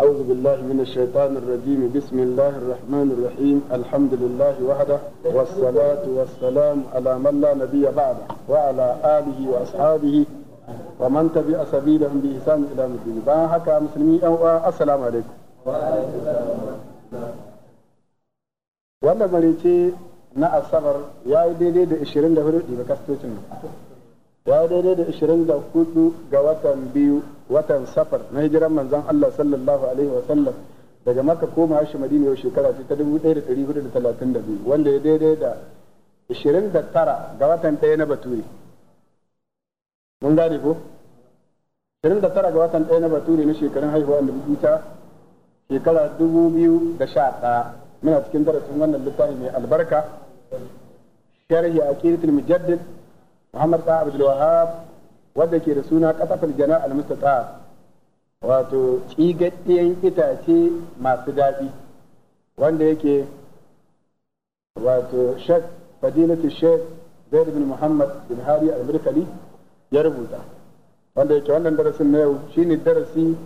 أعوذ بالله من الشيطان الرجيم بسم الله الرحمن الرحيم الحمد لله وحده والصلاة والسلام على من لا نبي بعده وعلى آله وأصحابه ومن تبع سبيلهم بإحسان إلى الدين باهك مسلمي أو السلام عليكم wannan marice na asabar ya yi daidai da 24 daga kastocin nan ya daidai da 24 ga watan biyu watan safar na hijiran manzon Allah sallallahu alaihi wa sallam daga maka koma shi madina yau shekara ta 1432 wanda ya daidai da 29 ga watan ɗaya na baturi mun gane ko 29 ga watan ɗaya na baturi na shekarun haihuwa da ta shekara 2011 muna cikin darasin wannan littafi mai albarka sharhi a kiritul mujaddid Muhammad ɗan Abdul Wahab wadda ke da suna ƙasafar jana al-mustata wato tsigaddiyan itace masu daɗi wanda yake wato shek fadilatu shek zaid bin muhammad bin hari al-murkali ya rubuta wanda yake wannan darasin na yau shine darasi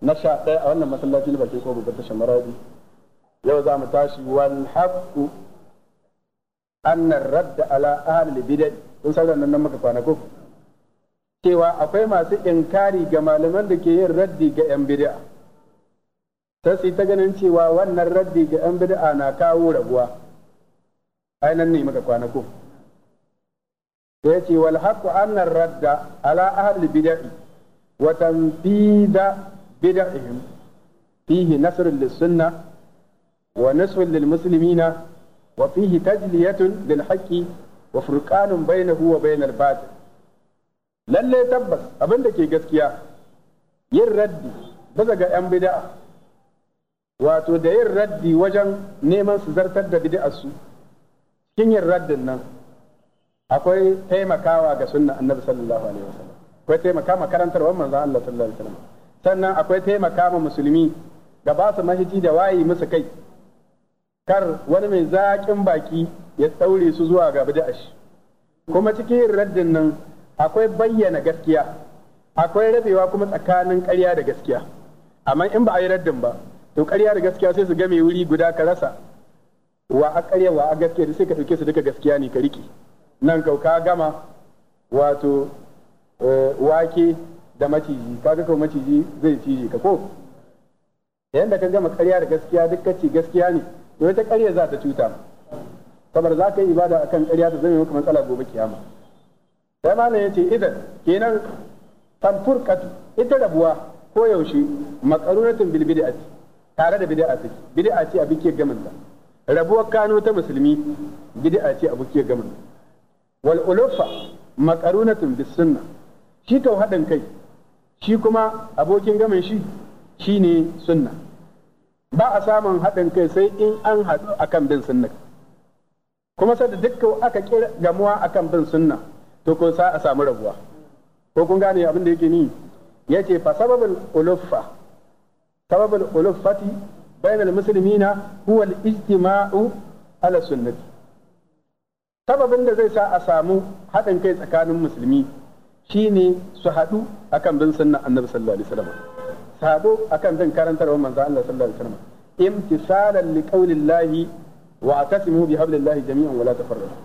na sha ɗaya a wannan masallaci na bakin kogo ta shamaradi yau za mu tashi wal haqqu anna radda ala ahli bid'ah sun sauran nan maka kwana cewa akwai masu inkari ga malaman da ke yin raddi ga yan bid'a sai su ta ganin cewa wannan raddi ga yan bid'a na kawo rabuwa ai nan ne maka kwana ko da ce wal haqqu anna radda ala ahli bid'i wa tanfida bid'ihim fihi nasrun lis wa nasrun lil-muslimina wa fihi tajliyatun lil-haqqi wa furqanun bainahu wa bainal batil lalle tabbas abin da ke gaskiya yin raddi baza ga yan bid'a wato da yin raddi wajen neman su zartar da bid'ar su cikin yin raddin nan akwai taimakawa ga sunna annabi sallallahu alaihi wasallam akwai taimaka ma wannan manzon Allah sallallahu alaihi wasallam sannan akwai taimaka ma musulmi ga ba su mahiji da wayi musu kai kar wani mai zaƙin baki ya tsaure su zuwa ga bid'a kuma cikin raddin nan akwai bayyana gaskiya akwai rabewa kuma tsakanin ƙarya da gaskiya amma in ba a yi raddin ba to ƙarya da gaskiya sai su game wuri guda ka rasa wa a ƙarya wa a gaskiya sai ka ɗauke su duka gaskiya ne ka riƙe nan kau ka gama wato eh, wake da maciji kaga kau maciji zai cije ka ko yanda ka gama ƙarya da gaskiya duk ka ce gaskiya ne to ita ƙarya za ta cuta sabar za ka yi ibada a kan ƙarya ta zai maka matsala gobe kiyama sai ma ya ce idan kenan tamfur katu ita rabuwa ko yaushe makaruratun a ce tare da bid'a take ce a bikin gamin ta rabuwar kano ta musulmi a ce a bikin gamin wal ulufa makarunatun bisunna shi kau haɗin kai shi kuma abokin gamin shi shi ne sunna ba a samun haɗin kai sai in an haɗu akan bin sunna kuma sai da dukkan aka kira gamuwa akan bin sunna to kun sa a samu rabuwa ko kun gane abin da yake ni yace fa sababul uluffa sababul uluffati bainal muslimina huwa al-ijtima'u ala sunnati sababin da zai sa a samu haɗin kai tsakanin musulmi shine su haɗu akan bin sunna annabi sallallahu alaihi wasallam su haɗu akan bin karantarwar manzo Allah sallallahu alaihi wasallam imtisalan liqaulillahi wa atasimu bi hablillahi jami'an wala tafarraqu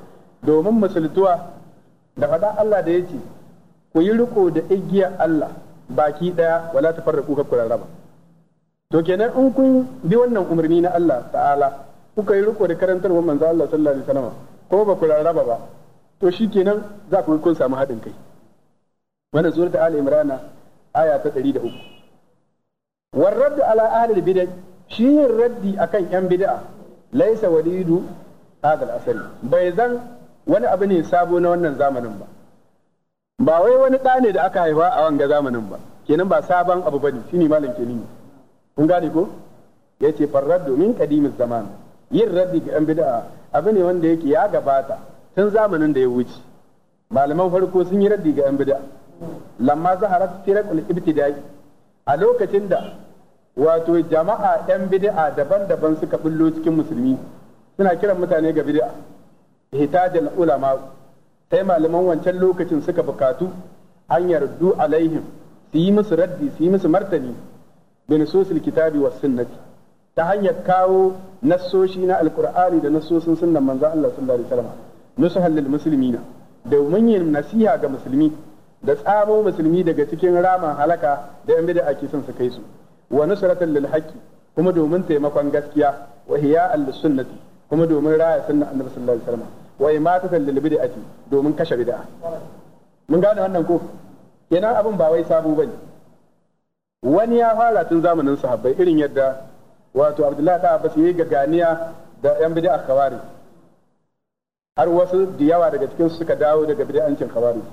domin da faɗa Allah da yake ku yi riko da igiya Allah baki daya wala tafarraqu ka kuraraba to kenan in kun bi wannan umarni na Allah ta'ala kuka yi riko da karantarwar manzo Allah sallallahu alaihi wasallam ko ba ku rarraba ba to kenan za ku kun samu haɗin kai wannan surat al-imrana aya ta 103 warraddu ala ahli bid'ah shi yin raddi akan yan bid'a laisa walidu hadal asari bai zan wani abu ne sabo na wannan zamanin ba ba wai wani ɗa ne da aka haifa a wanga zamanin ba kenan ba sabon abu bane shine malam kenin kun gane ko yace farar domin qadimin zaman yin raddi ga yan bid'a abu ne wanda yake ya gabata tun zamanin da ya wuce malaman farko sun yi raddi ga yan bid'a lamma zaharat tirakul ibtida'i a lokacin da wato jama'a 'yan bid'a daban-daban suka bullo cikin musulmi suna kiran mutane ga bid'a hitajal ulama sai malaman wancan lokacin suka bukatu an du alaihim su yi musu raddi su yi musu martani bin sosil kitabi wa sunnati ta hanyar kawo nassoshi na alkur'ani da nassosin sunnan manzon Allah sallallahu alaihi wasallam nusuhan lil muslimina domin yin nasiha ga musulmi da tsamo musulmi daga cikin ramin halaka da yan bid'a ke son su kai su wa nusratan lil haqqi kuma domin taimakon gaskiya wa hiya'an lis sunnati kuma domin raya sunna annabi sallallahu alaihi wasallam wa imatatan lil bid'ati domin kashe bid'a mun gane wannan ko kenan abin ba wai sabo bane wani ya fara tun zamanin sahabbai irin yadda wato Abdullahi ta Abbas yayi gaganiya da yan bid'a khawari har wasu da yawa daga cikin suka dawo daga bid'ancin khawari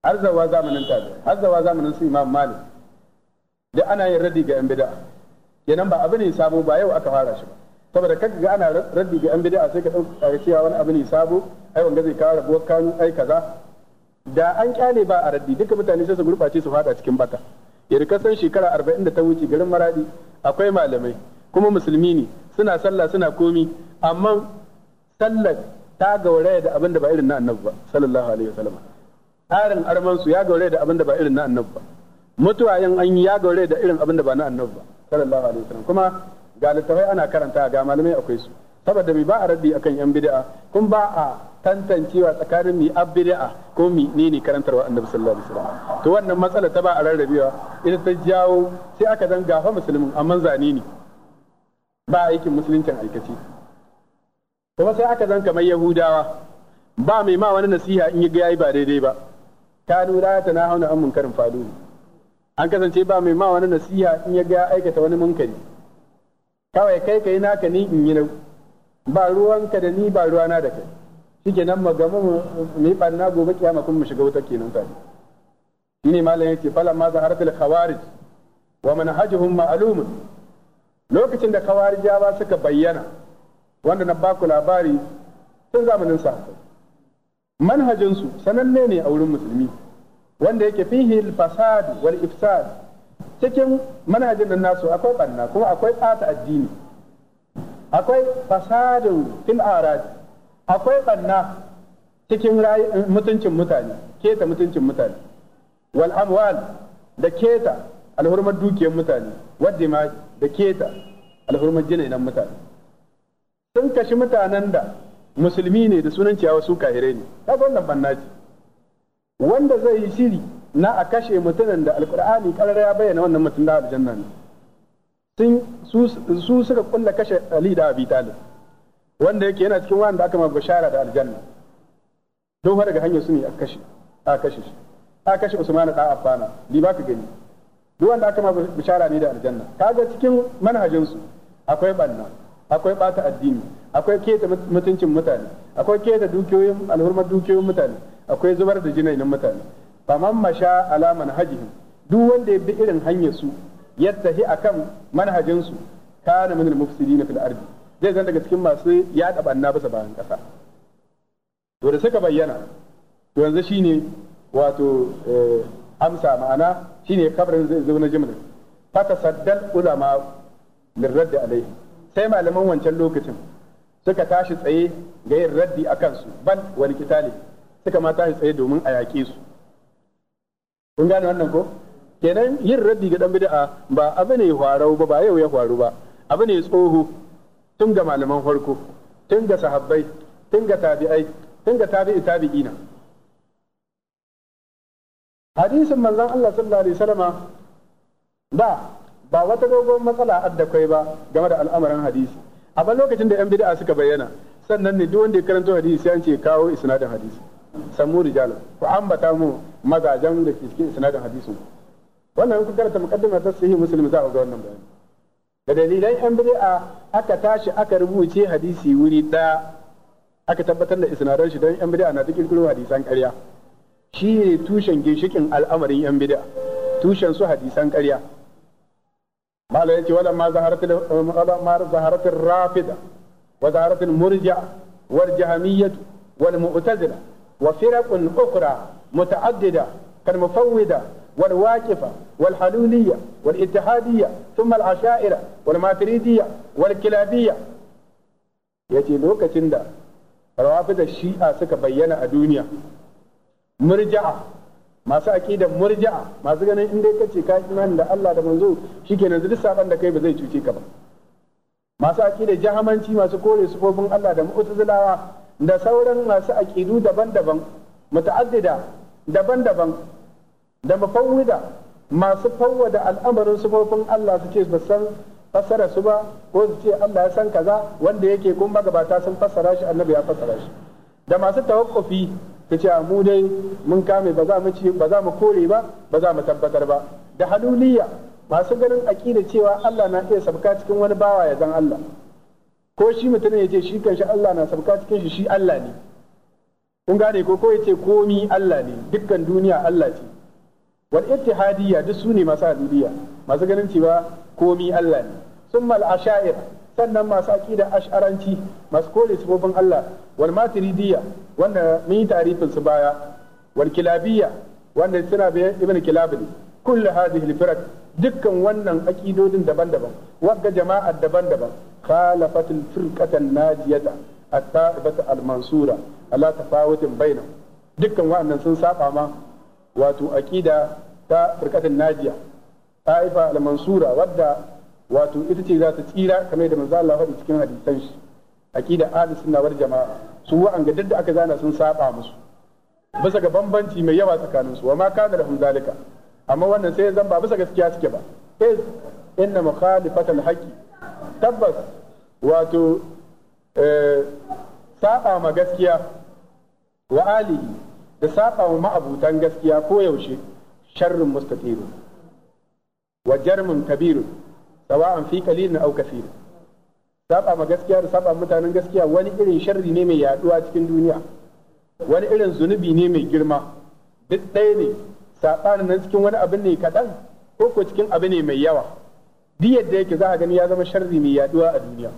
har zawa zamanin tabi har zawa zamanin su Imam Malik duk ana yin raddi ga yan bid'a kenan ba abu ne sabo ba yau aka fara shi ba saboda kaga ga ana raddi ga yan bid'a sai ka dauka cewa wani abu ne sabo ai wanda zai kawo rabuwar kan ai kaza da an kyale ba a raddi duka mutane sai su gurɓace su fada cikin bata yadda ka san shekara arba'in da ta wuce garin maradi akwai malamai kuma musulmi ne suna sallah suna komi amma sallar ta gauraya da abin da ba irin na annabi ba sallallahu alaihi wasallam tsarin armansu ya gauraya da abin da ba irin na annabi ba mutuwa yin an ya gaure da irin abin da ba na annabi ba sallallahu alaihi wasallam kuma ga littafai ana karanta ga malamai akwai su saboda mi ba a raddi akan yan bid'a kun ba a tantancewa tsakanin mi ab ko mi ne ne karantarwa annabi sallallahu alaihi wasallam to wannan matsala ta ba a rarrabewa ita ta jawo sai aka zan gafa musulmin amma zane ne ba aikin musuluncin aikaci kuma sai aka zan kamar yahudawa ba mai ma wani nasiha in ya ga yayi ba daidai ba Ta ta na hauna an munkarin faduni an kasance ba mai ma wani nasiha in ya ga aikata wani munkari kawai kai kai naka ni in yi nau ba ruwanka da ni ba ruwana da kai shike nan mu gamu mu yi barna gobe kiyama kun mu shiga wuta kenan tare shine malam yace falan ma harfil khawarij wa manhajuhum ma'lum lokacin da khawarijawa suka bayyana wanda na baku labari tun zamanin sa. manhajinsu sananne ne a wurin musulmi wanda yake fihi fasad wal ifsad cikin manhajin nan nasu akwai banna kuma akwai ɓata addini akwai fasadin fil arad akwai banna cikin mutuncin mutane keta mutuncin mutane wal amwal da keta alhurmar dukiyar mutane wadda ma da keta alhurmar jinainan mutane sun kashi mutanen da musulmi ne da sunan ciyawa su kahirai ne ta wannan banna ce wanda zai yi shiri na a kashe mutumin da alkur'ani karar ya bayyana wannan mutum da aljanna ne sun su suka kulla kashe ali da abi talib wanda yake yana cikin wanda aka mabu shara da aljanna don daga hanyar su ne a kashe a kashe shi a kashe usman da affana di ba ka gani duk wanda aka mabu bishara ne da aljanna kaga cikin manhajin su akwai banna akwai bata addini akwai keta mutuncin mutane akwai keta dukiyoyin alhurmar dukiyoyin mutane akwai zubar da jinainin mutane faman masha ala manhajihim duk wanda ya bi irin hanyar su yattahi akan manhajin su kana min al-mufsidin fil ardi zai zan daga cikin masu yaɗa banna bisa bayan kasa to da suka bayyana to yanzu shine wato eh, amsa ma'ana shine kabarin zai zo na jimrin fata saddal ulama raddi alaihi sai malaman wancan lokacin suka tashi tsaye ga yin raddi akan su bal wani kitali suka ma yi tsaye domin a yaƙe su kun gane wannan ko kenan yin raddi ga ɗan bida'a ba abu ne hwarau ba ba yau ya faru ba abu ne tsoho tun ga malaman farko tun ga sahabbai tun ga tabi'ai tun ga tabi'i tabi'ina hadisin manzon Allah sallallahu alaihi ba wata dogon matsala addakwai ba game da al'amarin hadisi a lokacin da yan bid'a suka bayyana sannan ne duk wanda ya karanto hadisi sai ce kawo isnadin hadisi samu rijalan ku ambata mu mazajen da ke cikin isnadin hadisin wannan kun karanta muqaddimar ta sahih muslim za a ga wannan bayani da dalilan yan bid'a aka tashi aka rubuce hadisi wuri daya aka tabbatar da isnadan shi don yan bid'a na ta kirkiro hadisan ƙarya shi ne tushen ginshikin al'amarin yan bid'a tushen su hadisan ƙarya malai yace wala ma zaharatul ma zaharatul rafida wa zaharatul murji'a wal jahmiyyah wal mu'tazila وفرق أخرى متعددة كالمفوضة والواقفة والحلولية والاتحادية ثم العشائرة والماتريدية والكلابية يجي لوكا تندا روافد الشيعة سكا بيانا الدنيا مرجعة masu aƙidar murja'a masu ganin inda ka ce ka imani da Allah da manzo shikenan duk saban da kai ba zai cuce ka ba masu aƙidar jahamanci masu kore sufofin Allah da mu'tazilawa da sauran masu aƙidu daban-daban muta'addida daban-daban da mafawwida masu fawwada al'amarin sufofin Allah su ce ba san fassara su ba ko su ce Allah ya san kaza wanda yake kun magabata sun fassara shi annabi ya fassara shi da masu tawakkufi su ce mu dai mun kame ba za mu ci ba za mu kore ba ba za mu tabbatar ba da haluliyya masu ganin aƙida cewa Allah na iya sabka cikin wani bawa ya zan Allah ko shi mutum ya ce shi kanshi Allah na sabka cikin shi shi Allah ne kun gane ko ko ya ce komi Allah ne dukkan duniya Allah ce wal ittihadiyya duk su ne masu hadidiyya masu ganin cewa komi Allah ne sun mal asha'ir sannan masu aqida ash'aranci masu koli sifofin Allah wal maturidiyya wanda mun yi tarifin su baya wal kilabiyya wanda suna bayan ibn kilab kullu hadhihi al dukkan wannan aƙidodin daban-daban wagga jama'ar daban-daban khalafatul firqatan najiyata at-ta'ibata al-mansura ala tafawutin baina dukkan wa'annan sun saba ma wato aqida ta firqatan najiya ta'ifa al-mansura wadda wato ita ce za ta tsira kamar da manzo Allah faɗi cikin hadisan shi aqida ahlus sunna wal jama'a su wa'anga duk da aka zana sun saba musu bisa ga bambanci mai yawa tsakaninsu wa ma kana lahum zalika amma wannan sai zan ba bisa gaskiya suke ba iz inna mukhalifatal haqqi tabbas wato eh, saba ma gaskiya wa alihi da saba ma ma'abutan gaskiya ko yaushe sharrin mustatirun wa jarmin kabirun sawa'an fi qalilin aw kaseer saba ma gaskiya da saba mutanen gaskiya wani irin sharri ne mai yaduwa cikin duniya wani irin zunubi ne mai girma duk ɗaya ne saɓanin nan cikin wani abin ne kaɗan ko ko cikin abu ne mai yawa duk yadda yake za a gani ya zama sharri mai yaduwa a duniya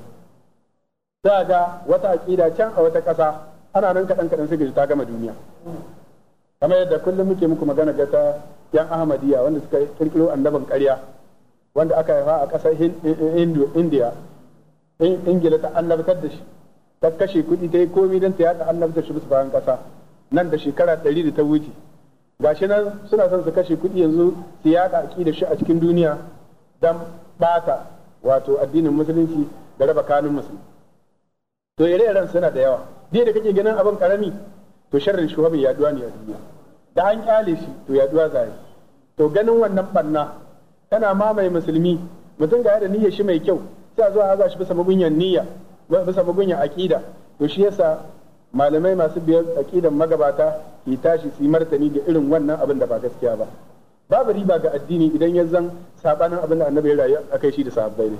za a ga wata aƙida can a wata ƙasa ana nan kaɗan kaɗan sai ta gama duniya kamar yadda kullum muke muku magana ga ta yan ahmadiyya wanda suka kirkiro annaban ƙarya wanda aka haifa a ƙasar indiya ingila ta annabtar da shi ta kashe kuɗi ta yi komi don ta yaɗa annabtar shi bisa bayan ƙasa nan da shekara ɗari da ta wuce gashi nan suna son su kashe kuɗi yanzu su yaɗa da shi a cikin duniya don ɓata wato addinin musulunci da raba kanun musulmi to ire-iren suna da yawa dai da kake ganin abin ƙarami, to sharrin shugaban yaduwa ne a duniya da an kyale shi to yaduwa zai to ganin wannan banna tana mamaye musulmi mutum ga da niyyar shi mai kyau sai a zo a haza shi bisa mugunyan niyya bisa aƙida to shi yasa malamai masu biyar aqidan magabata ke tashi su martani da irin wannan abin da ba gaskiya ba babu riba ga addini idan ya zan sabanin abin da annabi ya rayu akai shi da sahabbai ne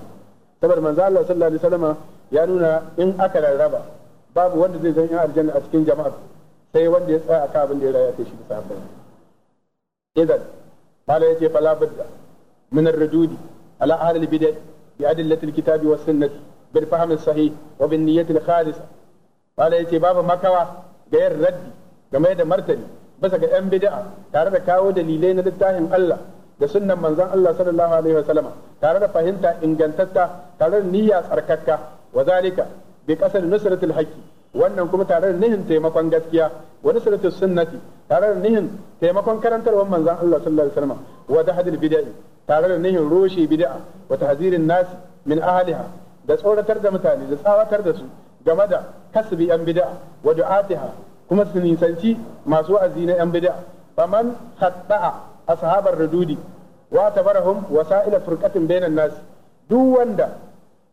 saboda manzo Allah sallallahu alaihi wasallam ya nuna in aka rarraba babu wanda zai zan yan aljanna a cikin jama'a sai wanda ya tsaya akan abin da ya rayu akai shi da sahabbai idan malai yace fala budda min ar-rududi ala ahli al-bid'ah bi adillati al-kitabi was sunnah bil fahm as-sahih wa bin niyyati al-khalisah bala yace babu makawa ga yin raddi game da martani bisa ga yan bid'a tare da kawo dalilai na littafin Allah da sunnan manzon Allah sallallahu alaihi wasallama tare da fahimta ingantatta tare da niyya tsarkakka wa zalika bi qasad nusratil haqqi wannan kuma tare da nihin taimakon gaskiya wa nusratil sunnati tare da nihin taimakon karantarwar manzon Allah sallallahu alaihi wasallama wa dahdil bid'i tare da nihin roshi bid'a wa tahzirin nas min ahliha da tsoratar da mutane da tsawatar da su game da kasbi yan bid'a wa du'atiha kuma su nisanci masu wa'azi na yan bid'a faman khatta'a ashabar rududi wa tabarahum wasa'ila furqatin bainan nas duk wanda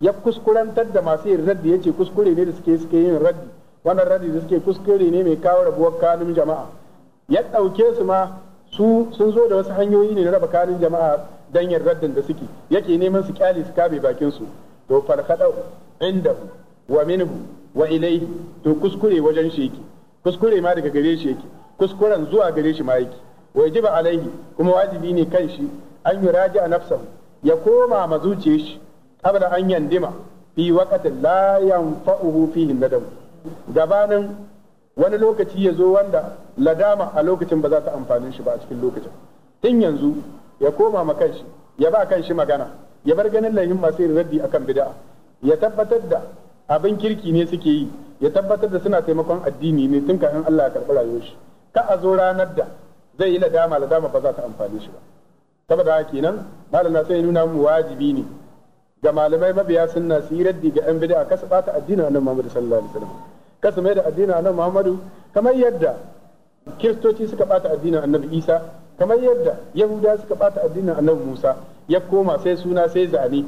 ya kuskurantar da masu yin raddi yace kuskure ne da suke suke yin raddi wannan raddi da suke kuskure ne mai kawo rabuwar kanun jama'a ya dauke su ma su sun zo da wasu hanyoyi ne na raba kanun jama'a dan yin raddin da suke yake neman su kyale su kabe bakin su to farkadau indahu wa minhu wa ilaihi to kuskure wajen shi yake kuskure ma daga gare shi yake kuskuren zuwa gare shi ma yake wajiba alaihi kuma wajibi ne kan shi an yuraji a nafsahu ya koma ma zuciyar shi abda an yandima fi waqatin la yanfa'uhu fihi nadam gabanin wani lokaci ya zo wanda ladama a lokacin ba za ta amfanin shi ba a cikin lokacin tun yanzu ya koma ma kanshi ya ba kanshi magana ya bar ganin lahin masu yin raddi akan bid'a ya tabbatar da abin kirki ne suke yi ya tabbatar da suna taimakon addini ne tun kafin Allah ya karɓi rayuwar shi ka a zo ranar da zai yi ladama ladama ba za ta amfane shi ba saboda haka kenan malama sai nuna mu wajibi ne ga malamai mabiya sunna su yi raddi ga yan bid'a kasu bata addinin annabi Muhammad sallallahu alaihi wasallam kasu mai da addinin annabi Muhammadu kamar yadda kiristoci suka bata addinin annabi Isa kamar yadda yahuda suka bata addinin annabi Musa ya koma sai suna sai zane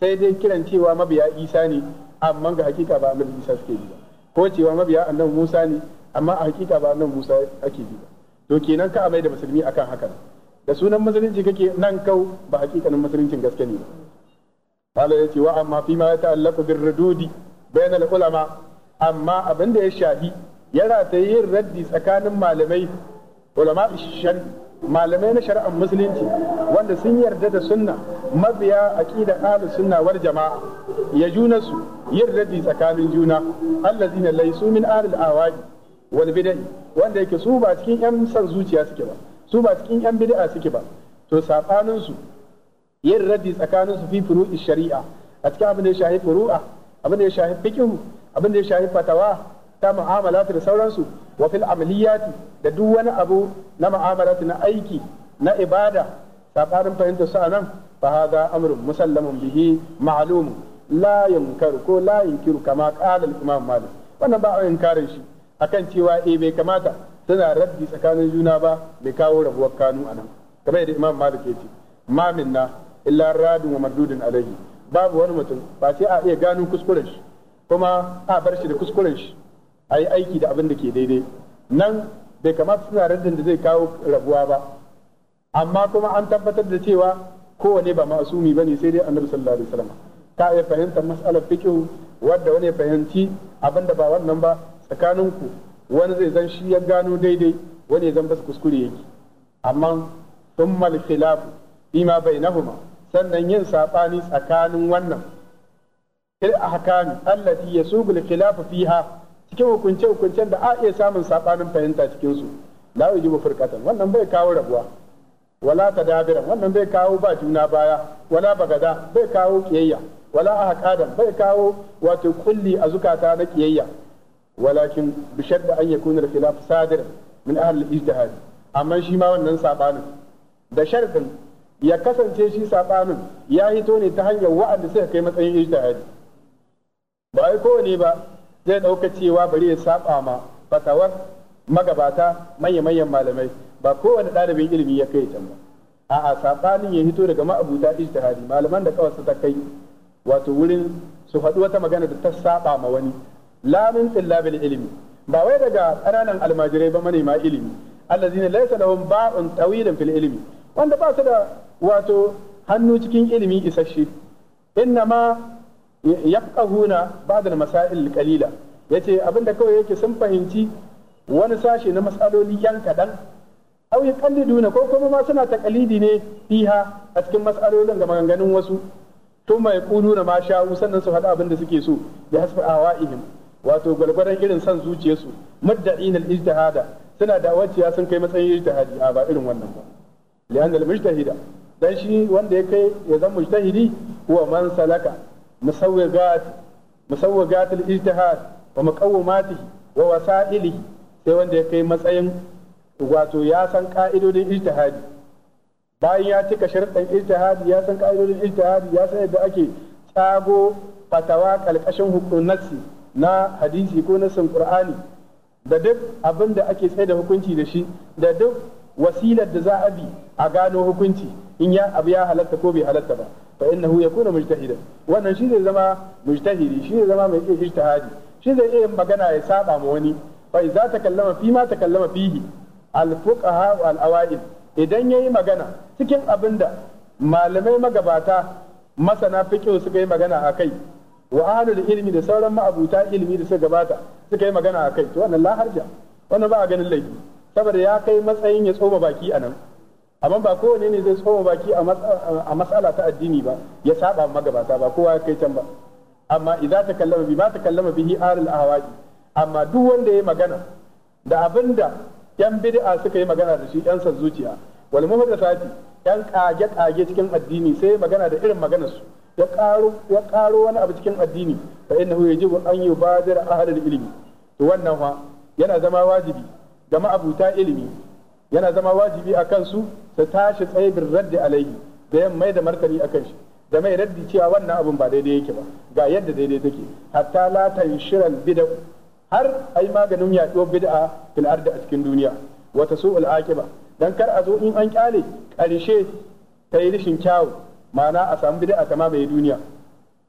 sai dai kiran cewa mabiya Isa ne amma ga hakika ba annabi Isa suke bi ba ko cewa mabiya annabi Musa ne amma a hakika ba annabi Musa ake bi ba to kenan ka amai da musulmi akan haka da sunan musulunci kake nan kau ba hakikanin musuluncin gaske ne ba Allah ya ce wa amma fi ma ta'allaqu bir rududi bayan ulama amma abin da ya shafi yana ta yin raddi tsakanin malamai ulama malamai na shari'ar musulunci wanda sun yarda da sunna mabiya aqida ahli sunna wal jamaa ya juna su yin raddi tsakanin juna allazina laysu min ahli awadi wal bid'ah wanda yake su ba cikin yan san zuciya suke ba su ba cikin yan bid'a suke ba to sabanin su yin raddi tsakanin su fi furu'i shari'a a cikin abin da ya shafi furu'a abin da ya shafi fiqh abin da ya shafi fatawa ta mu'amalat da sauransu wa fil amaliyati da duk wani abu na mu'amalat na aiki na ibada sabanin fahimtar su a nan فهذا أمر مسلم به معلوم لا ينكر كو لا ينكر كما قال imam مالك wannan ba a inkarin shi akan cewa eh bai kamata suna raddi tsakanin juna ba bai kawo rabuwar kanu anan kamar yadda Imam Malik ya ma minna illa radun wa mardudin alaihi babu wani mutum ba sai a iya gano kuskuren shi kuma a bar shi da kuskuren shi a yi aiki da abin da ke daidai nan bai kamata suna raddin da zai kawo rabuwa ba amma kuma an tabbatar da cewa kowane ba ma'asumi bane sai dai annabi sallallahu alaihi wasallam ka yi fahimtar mas'alar fiqh wanda wani fahimci abinda ba wannan ba ku wani zai zan shi ya gano daidai wani ya zan basu kuskure yake amma al khilaf bima bainahuma sannan yin sabani tsakanin wannan fil ahkam allati yasugul khilaf fiha cikin hukunce hukuncen da a iya samun sabanin fahimta cikin su la yujibu furqatan wannan bai kawo rabuwa wala tadabiran wannan bai kawo ba juna baya wala bagada bai kawo kiyayya wala ahqadan bai kawo wato kulli a zukata na kiyayya walakin bi shadda an yakuna al-khilaf sadira min ahli al-ijtihad amma shi ma wannan sabanin da sharadin ya kasance shi sabanin ya hito ne ta hanyar wa'anda suka kai matsayin ijtihadi ba ai kowane ba zai dauka cewa bari ya saba ma fatawar magabata manya-manyan malamai ba kowane ɗalibin ilimi ya kai can ba a'a sabanin ya hito daga ma'abuta ijtihadi malaman da kawai ta kai wato wurin su faɗi wata magana da ta saba ma wani lamin tillabil ilimi ba wai daga ƙananan almajirai ba manema ilimi allazina laysa lahum ba'un tawilan fil ilimi wanda ba su da wato hannu cikin ilimi isasshe innama yaqahuna ba'd al masail qalila yace abinda kawai yake sun fahimci wani sashe na masaloli yan kadan au yuqalliduna ko kuma ma suna takalidi ne fiha a cikin mas'alolin ga maganganun wasu thumma yaquluna ma sha'u sannan su faɗa abin da suke so bi hasbi wato gwargwaron irin son zuciyarsu madda'in al-ijtihada suna da waciya sun kai matsayin ijtihadi a ba irin wannan ba li'anna al-mujtahida dan shi wanda ya kai ya zan mujtahidi huwa man salaka musawwigat musawwigat al-ijtihad wa muqawwimatihi wa wasailihi sai wanda ya kai matsayin wato ya san ka'idodin ijtihadi bayan ya cika sharɗin ijtihadi ya san ka'idodin ijtihadi ya san yadda ake tsago fatawa kalkashin hukunnasi na hadisi ko nasin qur'ani da duk abin da ake tsaye da hukunci da shi da duk wasilar da za a bi a gano hukunci in ya abu ya halatta ko bai halatta ba fa innahu yakuna mujtahidan wannan shi zai zama mujtahidi shi zai zama mai iya ijtihadi shi zai iya magana ya saba ma wani fa idza takallama fi ma takallama fihi alfuqaha wal al idan yayi magana cikin abinda malamai magabata masana fiqh suka yi magana akai wa ahlul ilmi da sauran ma'abuta ilmi da suka gabata suka yi magana akai to wannan la harja wannan ba a ganin laifi saboda ya kai matsayin ya tsoma baki anan amma ba kowane ne zai tsoma baki a mas'ala ta addini ba ya saba magabata ba kowa ya kai can ba amma idza takallama bi ma takallama bihi ahlul ahwaji amma duk wanda ya magana da abinda yan bid'a suka yi magana da shi yan san zuciya wal muhdathati yan kage kage cikin addini sai magana da irin maganar su ya karo ya karo wani abu cikin addini fa innahu yajibu an yubadir ahlul ilmi to wannan fa yana zama wajibi ga ma'abuta ilimi yana zama wajibi a kansu su tashi tsaye raddi alaihi da yan mai da martani a shi da mai raddi cewa wannan abun ba daidai yake ba ga yadda daidai take hatta la tanshiral bid'a har ai maganin yaɗuwar bid'a fil arda a cikin duniya wata su aqiba dan kar a zo in an kyale ta yi rishin kyawu ma'ana a samu bid'a ta mamaye duniya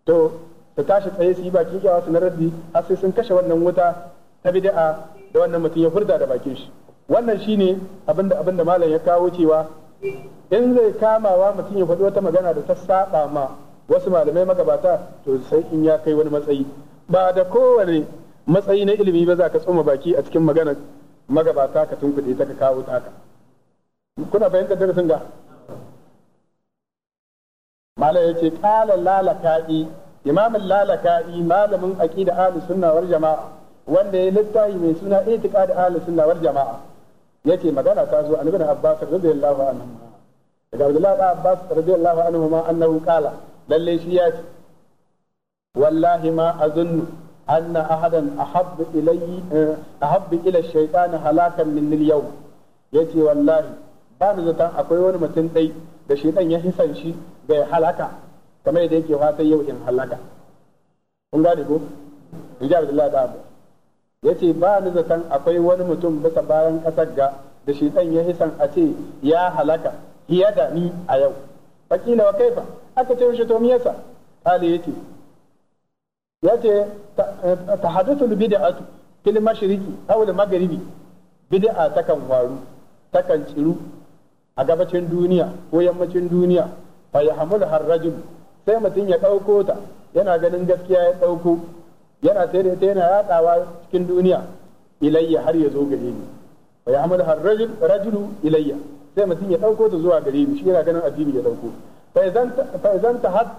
to ta tashi tsaye su yi bakin kyawa su na raddi har sai sun kashe wannan wuta ta bid'a da wannan mutum ya furda da bakin shi wannan shine abinda abinda malam ya kawo cewa in zai kamawa mutum ya faɗi wata magana da ta saba ma wasu malamai magabata to sai in ya kai wani matsayi ba da kowane matsayi na ilimi ba za ka tsoma baki a cikin magana magabata ka tunkuɗe ta ka kawo ka kuna fahimtar darasin ga malam ce qala lalaka'i imamin lalaka'i malamin aqida ahli sunna wal jama'a wanda ya littafi mai suna itiqad ahli sunna wal jama'a yace magana ta zo annabi Abbas radiyallahu anhu daga Abdullah ibn Abbas radiyallahu anhu ma annahu ƙala lalle shi ya ce wallahi ma azunnu أن أحدا أحب إلي أحب إلى الشيطان هلاكا من اليوم يجي والله bani zata akwai wani mutum ɗai da shi ɗan ya hisan shi ga ya halaka kamar da yake fatan yau in halaka kun ne ko in ji da Abu ya ce ba ni zaton akwai wani mutum bisa bayan ƙasar ga da shi ɗan ya hisan a ce ya halaka hiya da ni a yau fakila wa kaifa aka ce shi to miyasa yasa yace yace eh, tahaddathul bid'atu fil mashriqi aw al maghribi bid'a takan ta takan tsiru a gabacin duniya ko yammacin duniya fa yahmul harrajul sai mutum ya ɗauko ta yana ganin gaskiya ya ɗauko yana sai da yana yaɗawa cikin duniya ilayya har ya zo gare ni wa yahmul harrajul rajulu ilayya sai mutum ya ɗauko ta zuwa gare ni shi yana ganin addini ya ɗauko fa idan ta had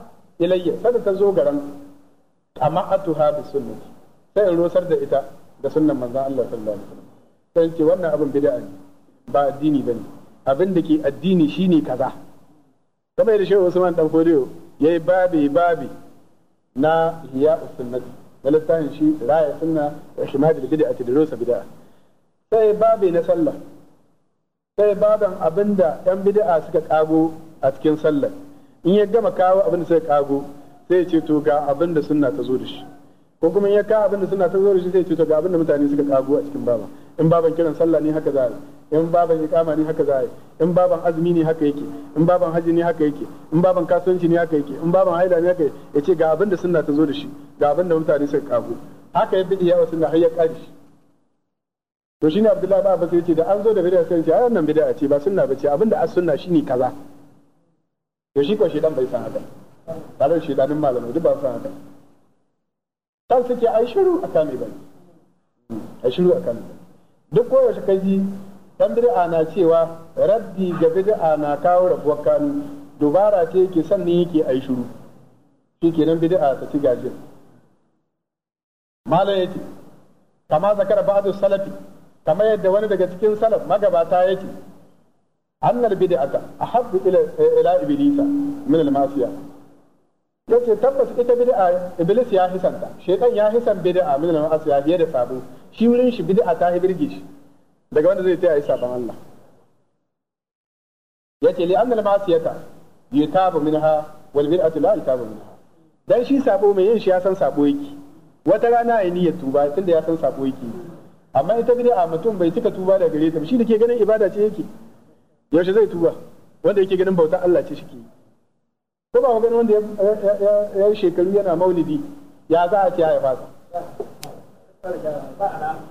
ilayya sai ta zo garan amma atuha bi sunna sai in rosar da ita da sunnan manzon Allah sallallahu alaihi wasallam sai ce wannan abin bid'a ne ba addini bane abin da ke addini shine kaza kamar yadda Shehu Usman dan Fodiyo yayi babi babi na hiya sunnati na littafin shi raya sunna wa shimadul bid'ati da rosa bid'a sai babi na sallah sai baban abinda yan bid'a suka kago a cikin sallah in ya gama kawo abin da suka kago sai ce to ga abin da sunna ta zo da shi ko kuma ya ka abin da sunna ta zo da shi sai ce to ga abin da mutane suka kago a cikin baba in baban kiran sallah ne haka za in baban iqama ne haka za in baban azumi ne haka yake in baban haji ne haka yake in baban kasuwanci ne haka yake in baban haila ne haka ya ce ga abin da sunna ta zo da shi ga abin da mutane suka kago haka ya bidiya ya wasu na har ya shi to shine abdullahi ba sai yace da an zo da bid'a sai ce ai wannan bid'a ce ba sunna bace abinda as sunna shine kaza to shi ko shi dan bai san haka tare da shaidanin malamai duk ba su haka kan suke ai shiru a kame bane a shiru a kame duk kowace kai ji dan bid'a na cewa raddi ga bid'a na kawo rabuwar kanu dubara ce yake sannan yake ai shiru shi kenan bid'a ta ci gajiyar malam yake kama zakar ba'du salafi kama yadda wani daga cikin salaf magabata yake annal bid'ata ahabbu ila eh, ila iblisa min al-masiya yace tabbas ita bid'a iblis ya hisanta shaytan ya hisan bid'a min nan asiya biye da sabo shi wurin shi bid'a ta hibirge shi daga wanda zai taya sabon Allah yace li annal ma'siyata yutabu minha wal bid'atu la yutabu minha dan shi sabo mai yin shi ya san sabo yake wata rana ya niyyar tuba tunda ya san sabo yake amma ita bid'a mutum bai cika tuba da gare ta shi da ke ganin ibada ce yake yaushe zai tuba wanda yake ganin bauta Allah ce shi ke yi ko ba ku gani wanda ya yi shekaru yana maulidi ya za a ciyaye ya fasa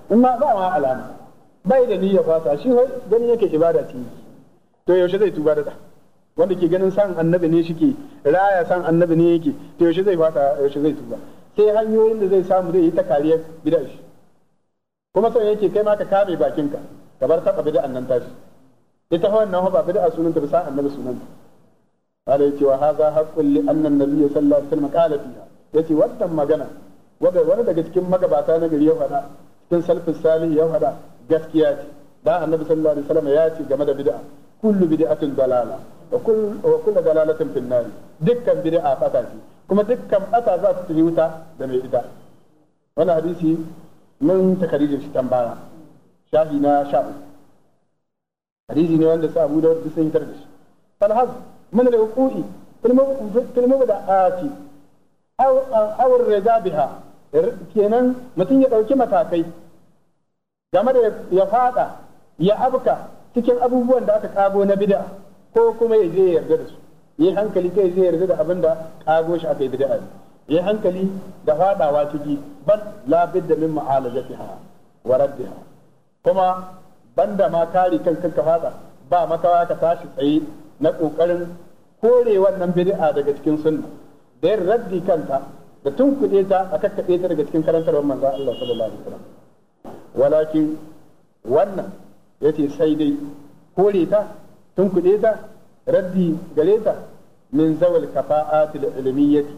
in ma ba ma alama bai da ya fasa shi gani yake ibada ce to yaushe zai tuba da ta wanda ke ganin san annabi ne shi ke raya san annabi ne yake to yaushe zai fasa yaushe zai tuba sai hanyoyin da zai samu zai yi ta kariya bid'a shi kuma son yake kai ma ka kame bakinka ka bar saka bid'an nan tashi ita wannan ba bid'a sunanta ba san annabi sunanta قال يتي وهذا حق لأن النبي صلى الله عليه وسلم قال فيها يتي wannan magana wanda wani daga cikin magabata na gari ya faɗa cikin salfin salih ya faɗa gaskiya ce da annabi sallallahu alaihi ya ce game da bid'a kullu bid'atin dalala wa kullu wa kullu dalalatin fin nar dukkan bid'a fata ce kuma dukkan fata za ta tafi wuta da mai ita wannan hadisi mun takarijin shi tambaya shahi na sha'u hadisi ne wanda sa Abu Dawud sun hitar da shi falhaz من الوقوع في المبدعات أو أو الرجاء بها kenan mutum ya ɗauki matakai game da ya faɗa ya abka cikin abubuwan da aka kago na bida ko kuma ya yarda da su ya hankali kai zai yarda da abin da kago shi aka yi bida ya hankali da faɗawa ciki bal la bidda min ma'alajatiha wa raddiha kuma banda ma kare kan ka faɗa ba makawa ka tashi tsaye na ƙoƙarin kore wannan bid'a daga cikin sunna da yin raddi kanta da kuɗe ta a kakkaɓe ta daga cikin karantarwar manzo Allah sallallahu alaihi wasallam walakin wannan yace sai dai kore ta kuɗe ta raddi gare ta min zawal kafa'ati al-ilmiyyati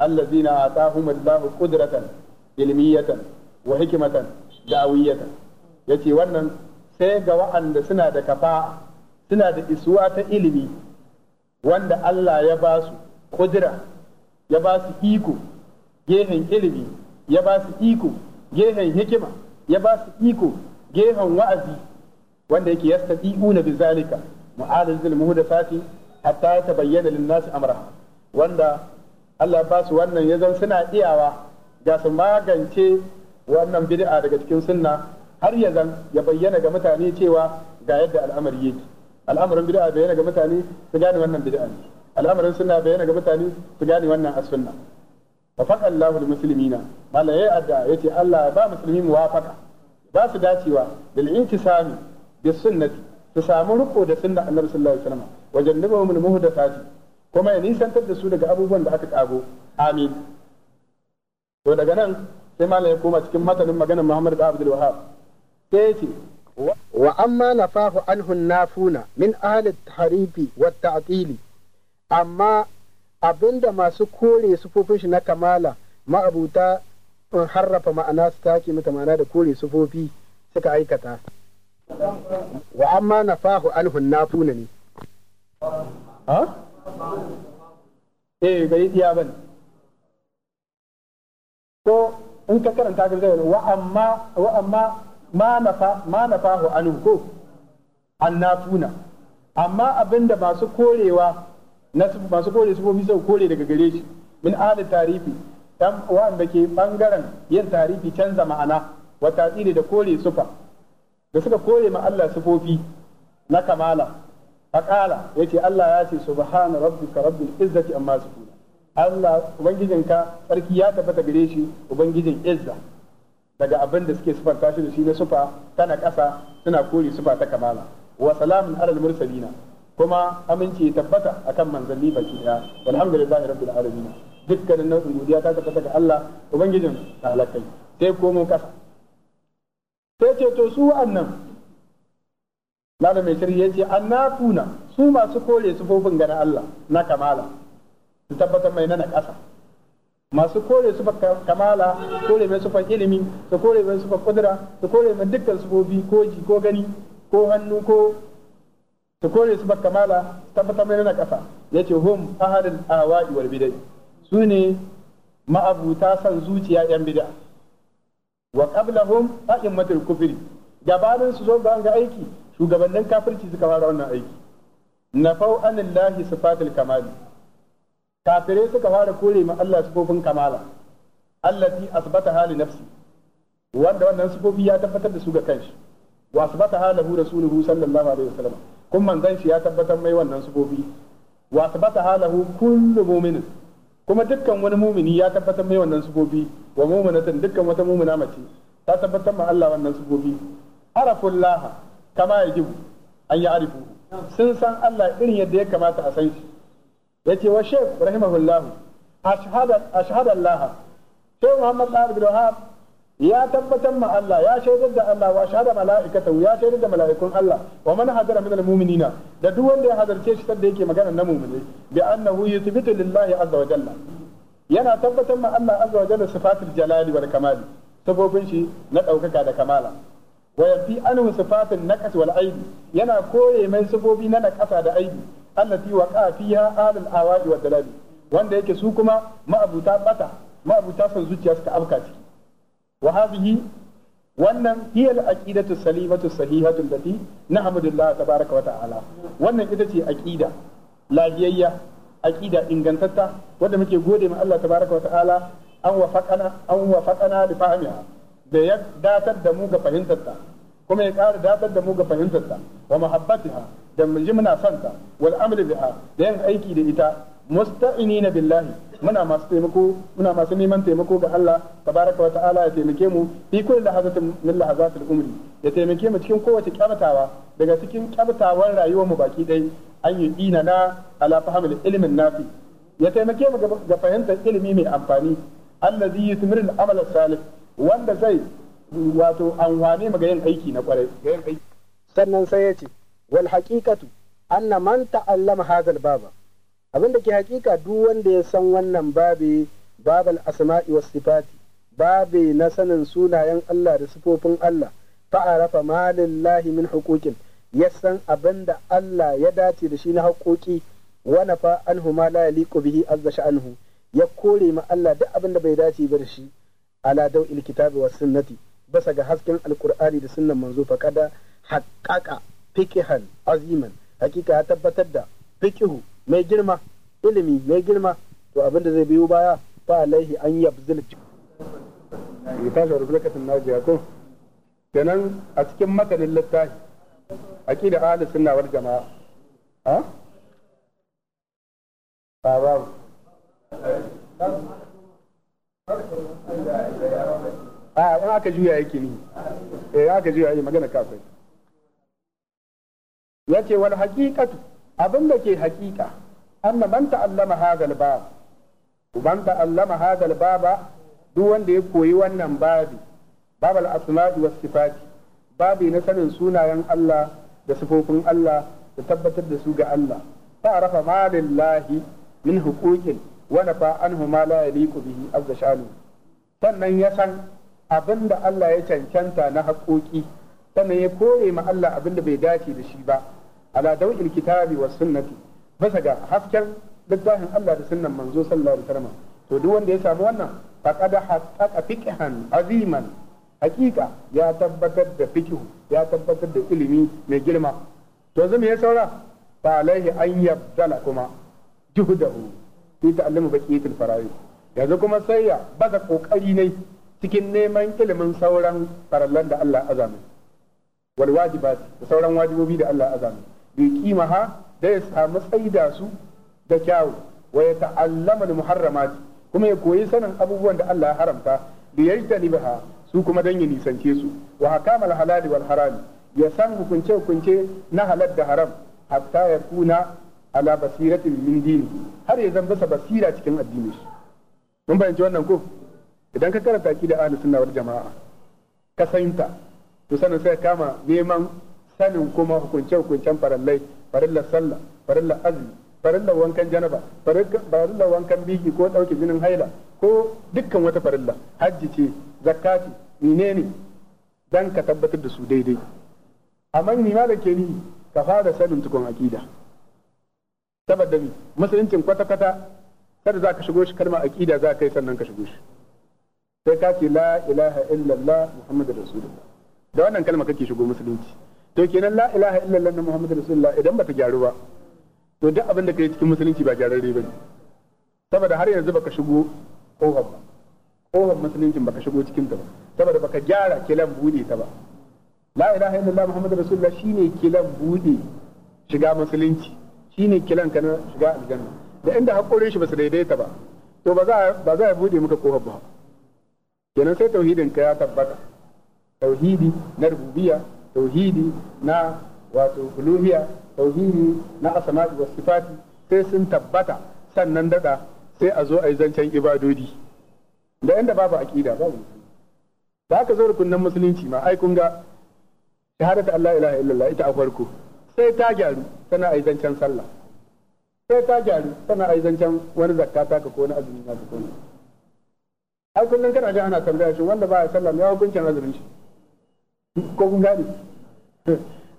allazina atahum Allahu qudratan ilmiyatan wa hikmatan da'awiyatan yace wannan sai ga wa'anda suna da kafa'a suna da isuwa ta ilimi wanda Allah ya ba su kudura ya ba su iko gehen ilimi ya ba su iko gehen hikima ya ba su iko gehen wa'azi wanda yake yastati'una bizalika mu'alizul muhdathati hatta tabayyana lin-nas amra wanda Allah ba su wannan ya zan suna iyawa ga su magance wannan bid'a daga cikin sunna har ya zan ya bayyana ga mutane cewa ga yadda al'amari yake al'amarin bid'a bayyana ga mutane su gane wannan bid'a ne al'amarin sunna bayyana ga mutane su gane wannan as-sunna fa faqa Allahu lil muslimina mala yayi adda yace Allah ba musulmi muwafaqa ba su dacewa bil inkisami bis sunnati su samu riko da sunna Annabi sallallahu alaihi wasallam wajen nabawul muhdathati kuma ya nisantar da su daga abubuwan da aka kago amin to daga nan sai malam ya koma cikin matanin maganar Muhammad bin Abdul Wahhab sai yace wa amma nafahu anhu nafuna min ahli harifi wa ta'tili amma abinda masu kore sufofin na kamala ma'abuta harrafa ma'ana su take mata ma'ana da kore sufofi suka aikata wa amma nafahu anhu nafuna ne ha eh, bai iya bane ko in ka karanta ga zai wa amma wa amma ma nafa ma nafahu anhu ko annafuna amma abinda masu korewa na masu kore su sufofi sau kore daga gare shi min ala tarifi dan wanda ke bangaren yin tarifi canza ma'ana wa tasiri da kore sufa da suka kore ma Allah sufofi na kamala faqala yace Allah ya ce subhana rabbika rabbil izzati amma yasifun Allah ubangijinka sarki ya tabbata gare shi ubangijin izza daga abin da suke sifanta shi da shi na sufa tana ƙasa suna kore sufa ta kamala wa salamun alal mursalina kuma aminci tabbata akan manzanni baki daya walhamdulillahi rabbil alamin dukkanin nau'in godiya ta tabbata ga Allah ubangijin talakai sai komo ƙasa sai ce to su wa'annan Malam mai ya ce annafuna su masu kore sufofin ganin Allah na kamala su tabbatar mai na na ƙasa masu kore su kamala kore mai sufan ilimi su kore mai sufan kudura su kore mai dukkan sufofi ko ji ko gani ko hannu ko su kore su kamala tabbatar mai na kasa ya ce hum ahadin awa'i wal bidai su ne ma'abuta san zuciya yan bid'a wa qablahum a'immatul kufri gabanin su zo ga aiki shugabannin kafirci suka fara wannan aiki nafau anillahi sifatul kamali kafirai suka fara kore ma Allah sifofin kamala allati asbata hali nafsi wanda wannan sifofi ya tabbatar da su ga kanshi wa asbata halahu rasuluhu sallallahu alaihi wasallam kun manzon shi ya tabbatar mai wannan sifofi wa asbata halahu kullu mu'minin kuma dukkan wani mumini ya tabbatar mai wannan sifofi wa mu'minatin dukkan wata mumina mace ta tabbatar ma Allah wannan sifofi arafullaha kama yajibu an ya arifu sun san Allah irin yadda ya kamata a san shi yace wa shaykh rahimahullah ashhadu ashhadu Allah sai Muhammad Dahir bin Wahab ya tabbatar ma Allah ya shaidar da Allah wa shahada mala'ikatahu ya shaidar da mala'ikun Allah wa man hadara min al da duk wanda ya hadarce shi sadda yake magana na mu'mini bi annahu yuthbitu lillahi azza wa jalla yana tabbatar ma Allah azza wa jalla sifatul jalali wal kamali sabobin shi na daukaka da kamala wa yafi anhu sifatul naqas wal aibi yana koye mai sabobi na naqasa da aibi allati waqa fiha alul awai wa dalali wanda yake su kuma ma'abuta bata ma'abuta son zuciya suka afka ciki wa hadhihi wannan hiya al-aqidatu salimatu sahihatu allati nahmadullah tabaaraka wa ta'ala wannan ita ce aqida lafiyayya aqida ingantatta wanda muke gode ma Allah tabaaraka wa ta'ala an wafaqana an wafaqana da fahimiha da ya datar da mu ga fahimtarta kuma ya ƙara datar da mu ga fahimtarsa wa mahabbatiha da mu ji muna son ta wal amri biha da yin aiki da ita musta'inina billahi muna masu taimako muna masu neman taimako ga Allah tabaraka wa ta'ala ya taimake mu fi kulli lahazatin min lahazatil umri ya taimake mu cikin kowace kyabatawa daga cikin kyabatawan rayuwar mu baki dai an yi dina na ala fahmil ilmin nafi ya taimake mu ga fahimtar ilimi mai amfani allazi yusmiru al-amal salih wanda zai wato amfani ga yin aiki na kwarai ga aiki sannan sai ya ce wal haqiqatu anna man ta'allama hadha baba abin da ke hakika duk wanda ya san wannan babi babal asma'i was sifati babi na sanin sunayen Allah da sifofin Allah fa'arafa ma lillahi min huquqin ya san abinda Allah ya dace da shi na haƙoƙi wa nafa anhu ma la yaliqu bihi azza sha'anhu ya kore ma Allah duk abin da bai dace ba da shi ala daw'il kitabi was sunnati basa ga hasken alkur'ani da sunan manzo kada haqqaqa fiqhan aziman hakika ya tabbatar da fiqhu mai girma ilimi mai girma to abin da zai biyo baya fa alaihi an yabzil ifasha rubulakatin a cikin matanin littafi aqida ahlus sunna wal jamaa ah, a in aka juya yake ni eh aka juya yake magana ka yace wal haqiqatu da ke haqiqa anna man ta'allama hadha al bab man ta'allama hadha al baba duk wanda ya koyi wannan babi babal asma'i was sifati babi na sanin sunayen Allah da sifofin Allah da tabbatar da su ga Allah ta'rafa ma lillahi min huquqin wa nafa anhu ma la yaliqu bihi azza shanu sannan ya san abin da Allah ya cancanta na haƙoƙi sannan ya kore ma Allah abin da bai dace da shi ba ala dawil kitabi was sunnati bisa ga hasken littafin Allah da sunnan manzo sallallahu alaihi wasallam to duk wanda ya samu wannan faqad haqqaqa fiqhan aziman haƙiƙa ya tabbatar da fikihu ya tabbatar da ilimi mai girma to yanzu ya saura fa alaihi an yabdala kuma juhudahu fi ta'allimu baqiyatil faraid yanzu kuma sai ya baza kokari ne cikin neman ilimin sauran farallan da Allah azami wal wajibat da sauran wajibobi da Allah azami bi kimaha da ya samu tsaida su da kyawu wa ya ta'allama al muharramat kuma ya koyi sanin abubuwan da Allah ya haramta bi biha su kuma dan ya nisance su wa hakamal halali wal harami ya san hukunce hukunce na halal da haram hatta ya kuna ala basiratin min dini har ya zan basira cikin addinin shi mun bayyance wannan ko idan ka karanta aqida ahlus sunna wal jama'a ka santa to sanin sai kama neman sanin kuma hukunce hukuncen farallai farallar sallah farallar azumi farallar wankan janaba farallar wankan biki ko dauke jinin haila ko dukkan wata farilla hajji ce zakati menene dan ka tabbatar da su daidai amma ni ma da ke ni ka fara sanin tukun aqida saboda musuluncin kwata kwata kada za ka shigo shi kalmar aqida za ka yi sannan ka shigo shi sai ka ce la ilaha illallah muhammadur rasulullah da wannan kalma kake shigo musulunci to kenan la ilaha illallah na muhammadur rasulullah idan ta gyaru ba to duk abin da kai cikin musulunci ba gyararre ne saboda har yanzu baka shigo kofar ba kofar musuluncin baka shigo cikin ta ba saboda baka gyara kilan bude ta ba la ilaha illallah muhammadur rasulullah shine kilan bude shiga musulunci shine kilan ka na shiga aljanna da inda hakorin shi ba su daidaita ba to ba za ba za ya bude maka kofar ba kenan sai tauhidin ka ya tabbata tauhidi na Rububiya, tauhidi na wato uluhiya tauhidi na asma'i wa sifati sai sun tabbata sannan daɗa sai a zo a yi zancen ibadodi da inda babu aqida babu da aka zo rukunin musulunci ma ai kun ga shahadatu Allah ilaha illallah ita a farko sai ta gyaru tana yi zancen sallah sai ta gyaru tana yi zancen wani zakka ta ka ko na azumi na ka ko ai kullum kana ji ana tambaya shi wanda ba ya sallah ya hukuncin azumin shi ko kun gane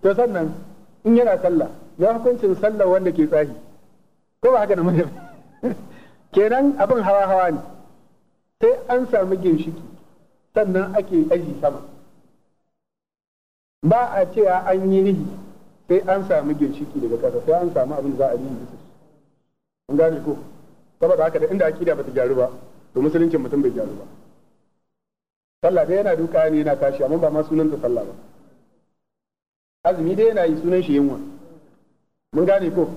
to sannan in yana sallah ya hukuncin sallah wanda ke tsahi ko ba haka da mai kenan abin hawa hawa ne sai an samu ginshiki sannan ake aji sama ba a cewa an yi rihi sai an samu ginshiki daga ƙasa sai an samu abin za a yi bisa an gane ko saboda haka da inda akida ba ta gyaru ba to musulunci mutum bai gyaru ba sallah dai yana duka ne yana tashi amma ba ma sunanta sallah ba azumi dai yana yi sunan shi yunwa mun gane ko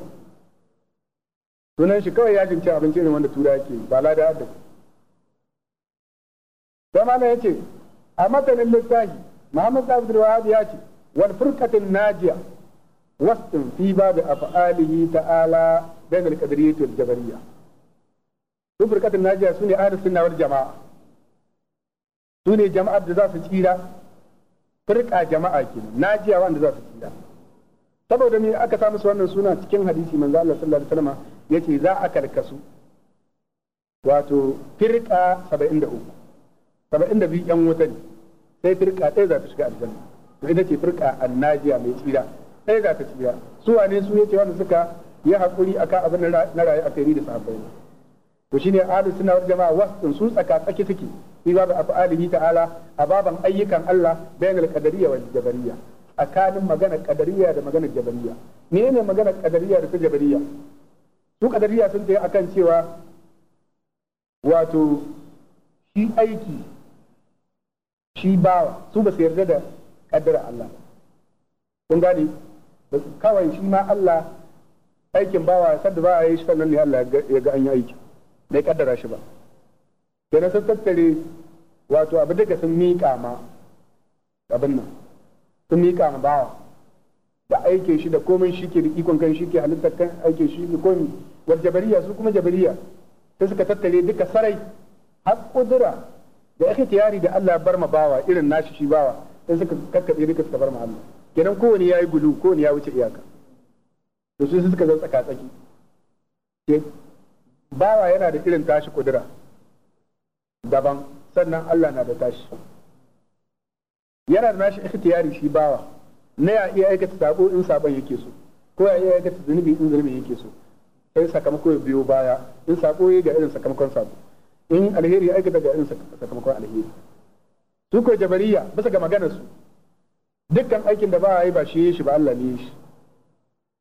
sunan shi kawai ya jinci abinci ne wanda tura yake ba lada da sai malam ce a matanin littafi Muhammad Abdul Wahab ya ce wal furqatin najiya wastin fi babu af'alihi ta'ala bainal qadriyyati wal jabariyya su firqatul najiya su ne ahlus sunna wal jama'a su ne jama'ar da za su tsira firka jama'a kenan najiya wanda za su tsira saboda me aka samu su wannan suna cikin hadisi manzo Allah sallallahu alaihi wasallam yace za a karkasu wato firqa 73 72 yan wuta ne sai firka ɗaya za ta shiga aljanna to ita ce firqa annajiya mai tsira ɗaya za ta tsira su wane su yace wanda suka yi hakuri akan abin na rayu a kai da sahabbai to shine ahlus sunna wal jamaa wasun su tsaka tsaki suke fi babu af'alihi ta'ala a baban ayyukan Allah bainal qadariyya wal jabariyya tsakanin magana qadariyya da maganar jabariyya menene maganar qadariyya da ta jabariyya su qadariyya sun tayi akan cewa wato shi aiki shi bawa su ba su yarda da kaddara Allah kun gane kawai shi ma Allah aikin bawa sadda ba a yi shi sannan ne Allah ya ga an yi aiki bai kaddara shi ba kenan sun tattare wato abin da sun miƙa ma abin nan sun miƙa ma bawa da aike shi da komai shi ke da ikon kan shi ke halittar kan aike shi da komai war jabariya su kuma jabariya ta suka tattare duka sarai har kudura da tiyari da Allah bar ma bawa irin nashi shi bawa sai suka kakkabe duka suka bar ma Allah kenan kowani yayi gulu kowani ya wuce iyaka to su suka zo tsaka tsaki bawa yana da irin tashi kudura daban sannan Allah na da tashi yana da nashi ikhtiyari shi bawa na ya iya aikata sabo in sabon yake so ko ya iya aikata zunubi in zunubi yake so sai sakamako ya biyo baya in sabo ya ga irin sakamakon sabo in alheri ya aikata ga irin sakamakon alheri su ko jabariya bisa ga maganar su dukkan aikin da ba yi ba shi shi ba Allah ne shi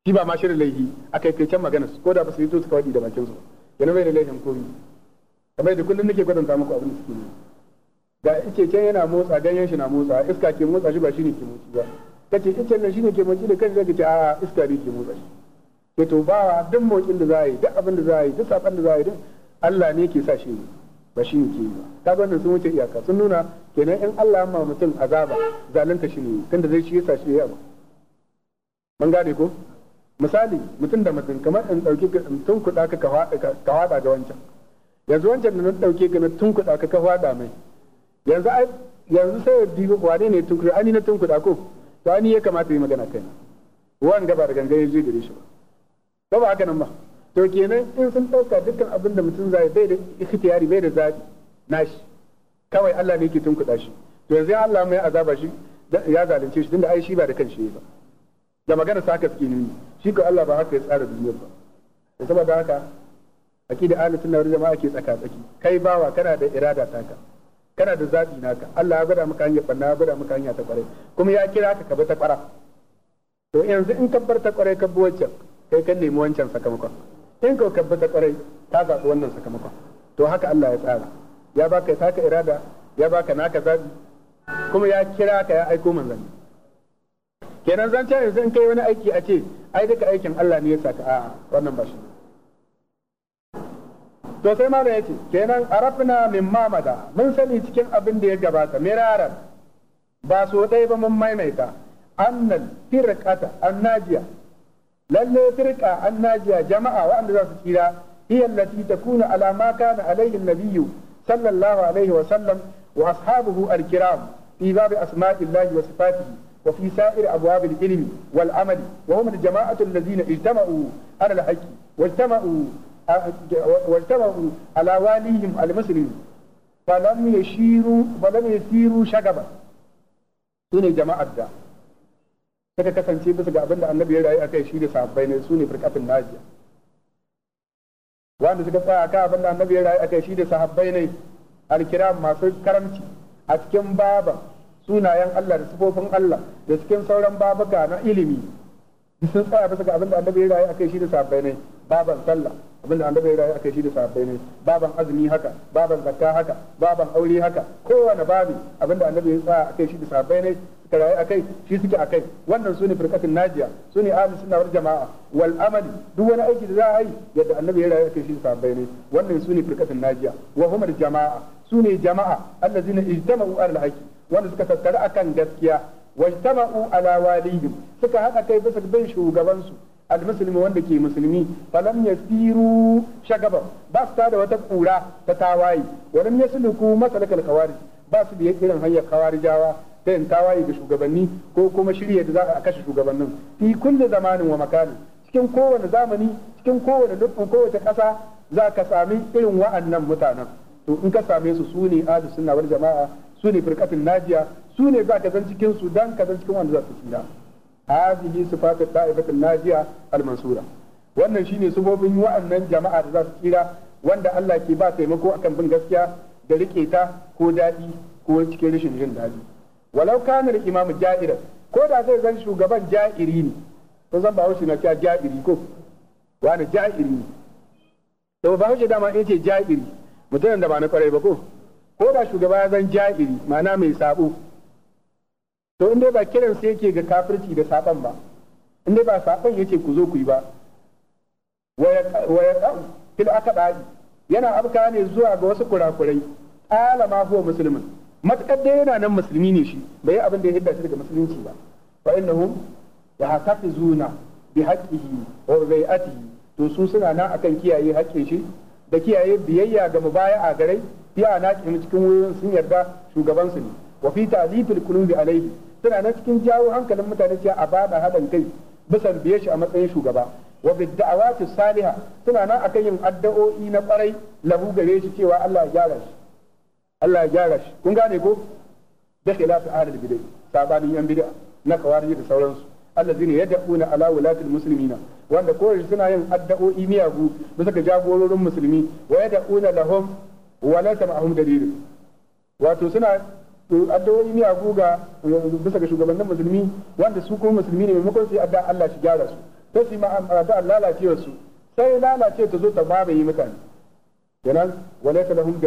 shi ba ma shirin laifi a kai kai can maganar su ko da ba su yi to suka wadi da bakin su yana bai da laifin komi kamar yadda kullum nake kwatanta muku abin da suke yi ga ice can yana motsa ganyen shi na motsa iska ke motsa shi ba shine ke motsi ba kace ice nan shine ke motsi da kanka kace a iska ne ke motsa shi ke to ba duk motsin da za a yi duk abin da za a yi duk safan da za a yi duk Allah ne ke sa shi ne ba shi ne ke yi ba kaga wannan sun wuce iyaka sun nuna kenan in Allah ya ma mutum azaba zalunta shi ne tunda zai shi yasa shi ya ba mun gane ko misali mutum da mutum kamar in dauki tun kuɗa ka ka hada ga wancan yanzu wancan da na dauke ka na tun kuɗa ka ka hada mai yanzu ai yanzu sai ya dibi wane ne tun kuɗa ani na tun kuɗa ko to ani ya kamata yi magana kai wan gaba da gangan ya je gare shi ba ba haka nan ba to kenan in sun dauka dukkan abin da mutum zai bai da ikhtiyari bai da zabi nashi kawai Allah ne yake tun kuɗa shi to yanzu Allah mai azaba shi ya zalunce shi tunda ai shi ba da shi ba da magana sa haka suke nuni shi ga Allah ba haka ya tsara duniyar ba to saboda haka da ahli sunna wal jama'a ke tsaka tsaki kai bawa kana da irada taka kana da zabi naka Allah ya gada maka hanya banna ya gada maka hanya ta kwarai kuma ya kira ka ka bi ta kwara to yanzu in ka bar ta kwarai ka bi wancan kai kan nemi wancan sakamakon in ka bi ta kwarai ta zaɓi wannan sakamakon to haka Allah ya tsara ya baka ka irada ya baka naka zabi kuma ya kira ka ya aiko manzanni kenan zan ce yanzu in kai wani aiki a ce ai duka aikin Allah ne ya saka a wannan ba shi to sai ma ya ce kenan arafna min mamada mun sani cikin abin da ya gabata miraran ba so ɗaya ba mun maimaita annal firqata annajiya lalle firqa annajiya jama'a waɗanda za su tsira hiya allati takunu ala ma kana alayhi nabiyyu sallallahu alaihi wa sallam wa ashabuhu al-kiram fi babi asma'illahi wa وفي سائر أبواب العلم والعمل وهم الجماعة الذين اجتمعوا على الحق واجتمعوا واجتمعوا على واليهم المسلم فلم يشيروا فلم يسيروا شغبا سنة جماعة دا suka kasance bisa ga abin da annabi ya rayu a kai shi da sahabbai ne su ne firkatun najiya wanda suka tsaya kan abin da annabi ya rayu a kai shi da sahabbai ne alkiram masu karamci a cikin baban sunayen Allah da sifofin Allah da cikin sauran babuka na ilimi sun tsaya bisa ga abin da annabi ya rayu akai shi da sahabbai ne baban sallah abin da annabi ya rayu akai shi da sahabbai ne baban azumi haka baban zakka haka baban aure haka kowane babi abin da annabi ya tsaya akai shi da sahabbai ne suka rayu akai shi suke akai wannan sune firqatin najiya sune ahlus sunna wal jamaa wal amali duk wani aiki da za a yi yadda annabi ya rayu akai shi da sahabbai ne wannan sune firqatin najiya wa humar jamaa sune jama'a allazina ijtama'u ala al-haqi wanda suka a akan gaskiya wajtama'u ala walihim suka haɗa kai bisa bin shugabansu almuslimi wanda ke musulmi falam yasiru shagaba ba su tada wata kura ta tawaye walam yasluku masalakal khawarij ba su da irin hanyar khawarijawa ta yin tawaye ga shugabanni ko kuma shirya da za a kashe shugabannin fi kulli zamanin wa makanin cikin kowane zamani cikin kowane nufin kowace ƙasa za ka sami irin wa'annan mutanen to in ka same su su ne ahlus sunna wal jama'a su ne firqatul najiya su ne za ka san cikin su dan ka san cikin wanda za su tsira hadhihi sifatu daibatin najiya al-mansura wannan shine sifofin wa'annan jama'a da za su tsira wanda Allah ke ba taimako akan bin gaskiya da rike ta ko dadi ko cikin rashin jin dadi walau kana da imamu ja'ir ko da zai zan shugaban ja'iri ne ko zan ba na cewa ja'iri ko wani ja'iri ne to ba haushi dama ina ce ja'iri mutumin da ba na kwarai ba ko ko ba shugaba ya zan ja'iri ma'ana mai sabo to in dai ba kiran sai yake ga kafirci da saban ba in dai ba saban yace ku zo ku yi ba wa ya fil akadai yana abka ne zuwa ga wasu kurakurai ala ma huwa muslimin matakar dai yana nan musulmi ne shi bai abin da ya hidda shi daga musulunci ba fa innahum zuna bi haqqihi wa bai'atihi to su suna nan akan kiyaye haƙƙin shi da kiyaye biyayya ga a garai fi anaqihim cikin wurin sun yarda shugabansu ne wa fi ta'zifil qulubi alaihi suna na cikin jawo hankalin mutane cewa a bada haɗin kai bisan biye shi a matsayin shugaba wa bi da'awati saliha suna nan akan yin addu'o'i na kwarai lahu gare shi cewa Allah ya gyara shi Allah ya gyara shi kun gane ko da khilafi ahlul bid'ah sabanin yan bid'ah na kawari da sauransu allazina yad'una ala wulatil muslimina wanda kowace suna yin addu'o'i miyagu bisa ga jagororin musulmi wa yad'una lahum wa la tamahum dalil wato suna addu'o'i miyagu ga bisa ga shugabannin musulmi wanda su kuma musulmi ne maimakon su adda Allah shi gyara su sai su ma adda Allah lalacewa su sai lalace ta zo ta yi mutane kenan walaita lahum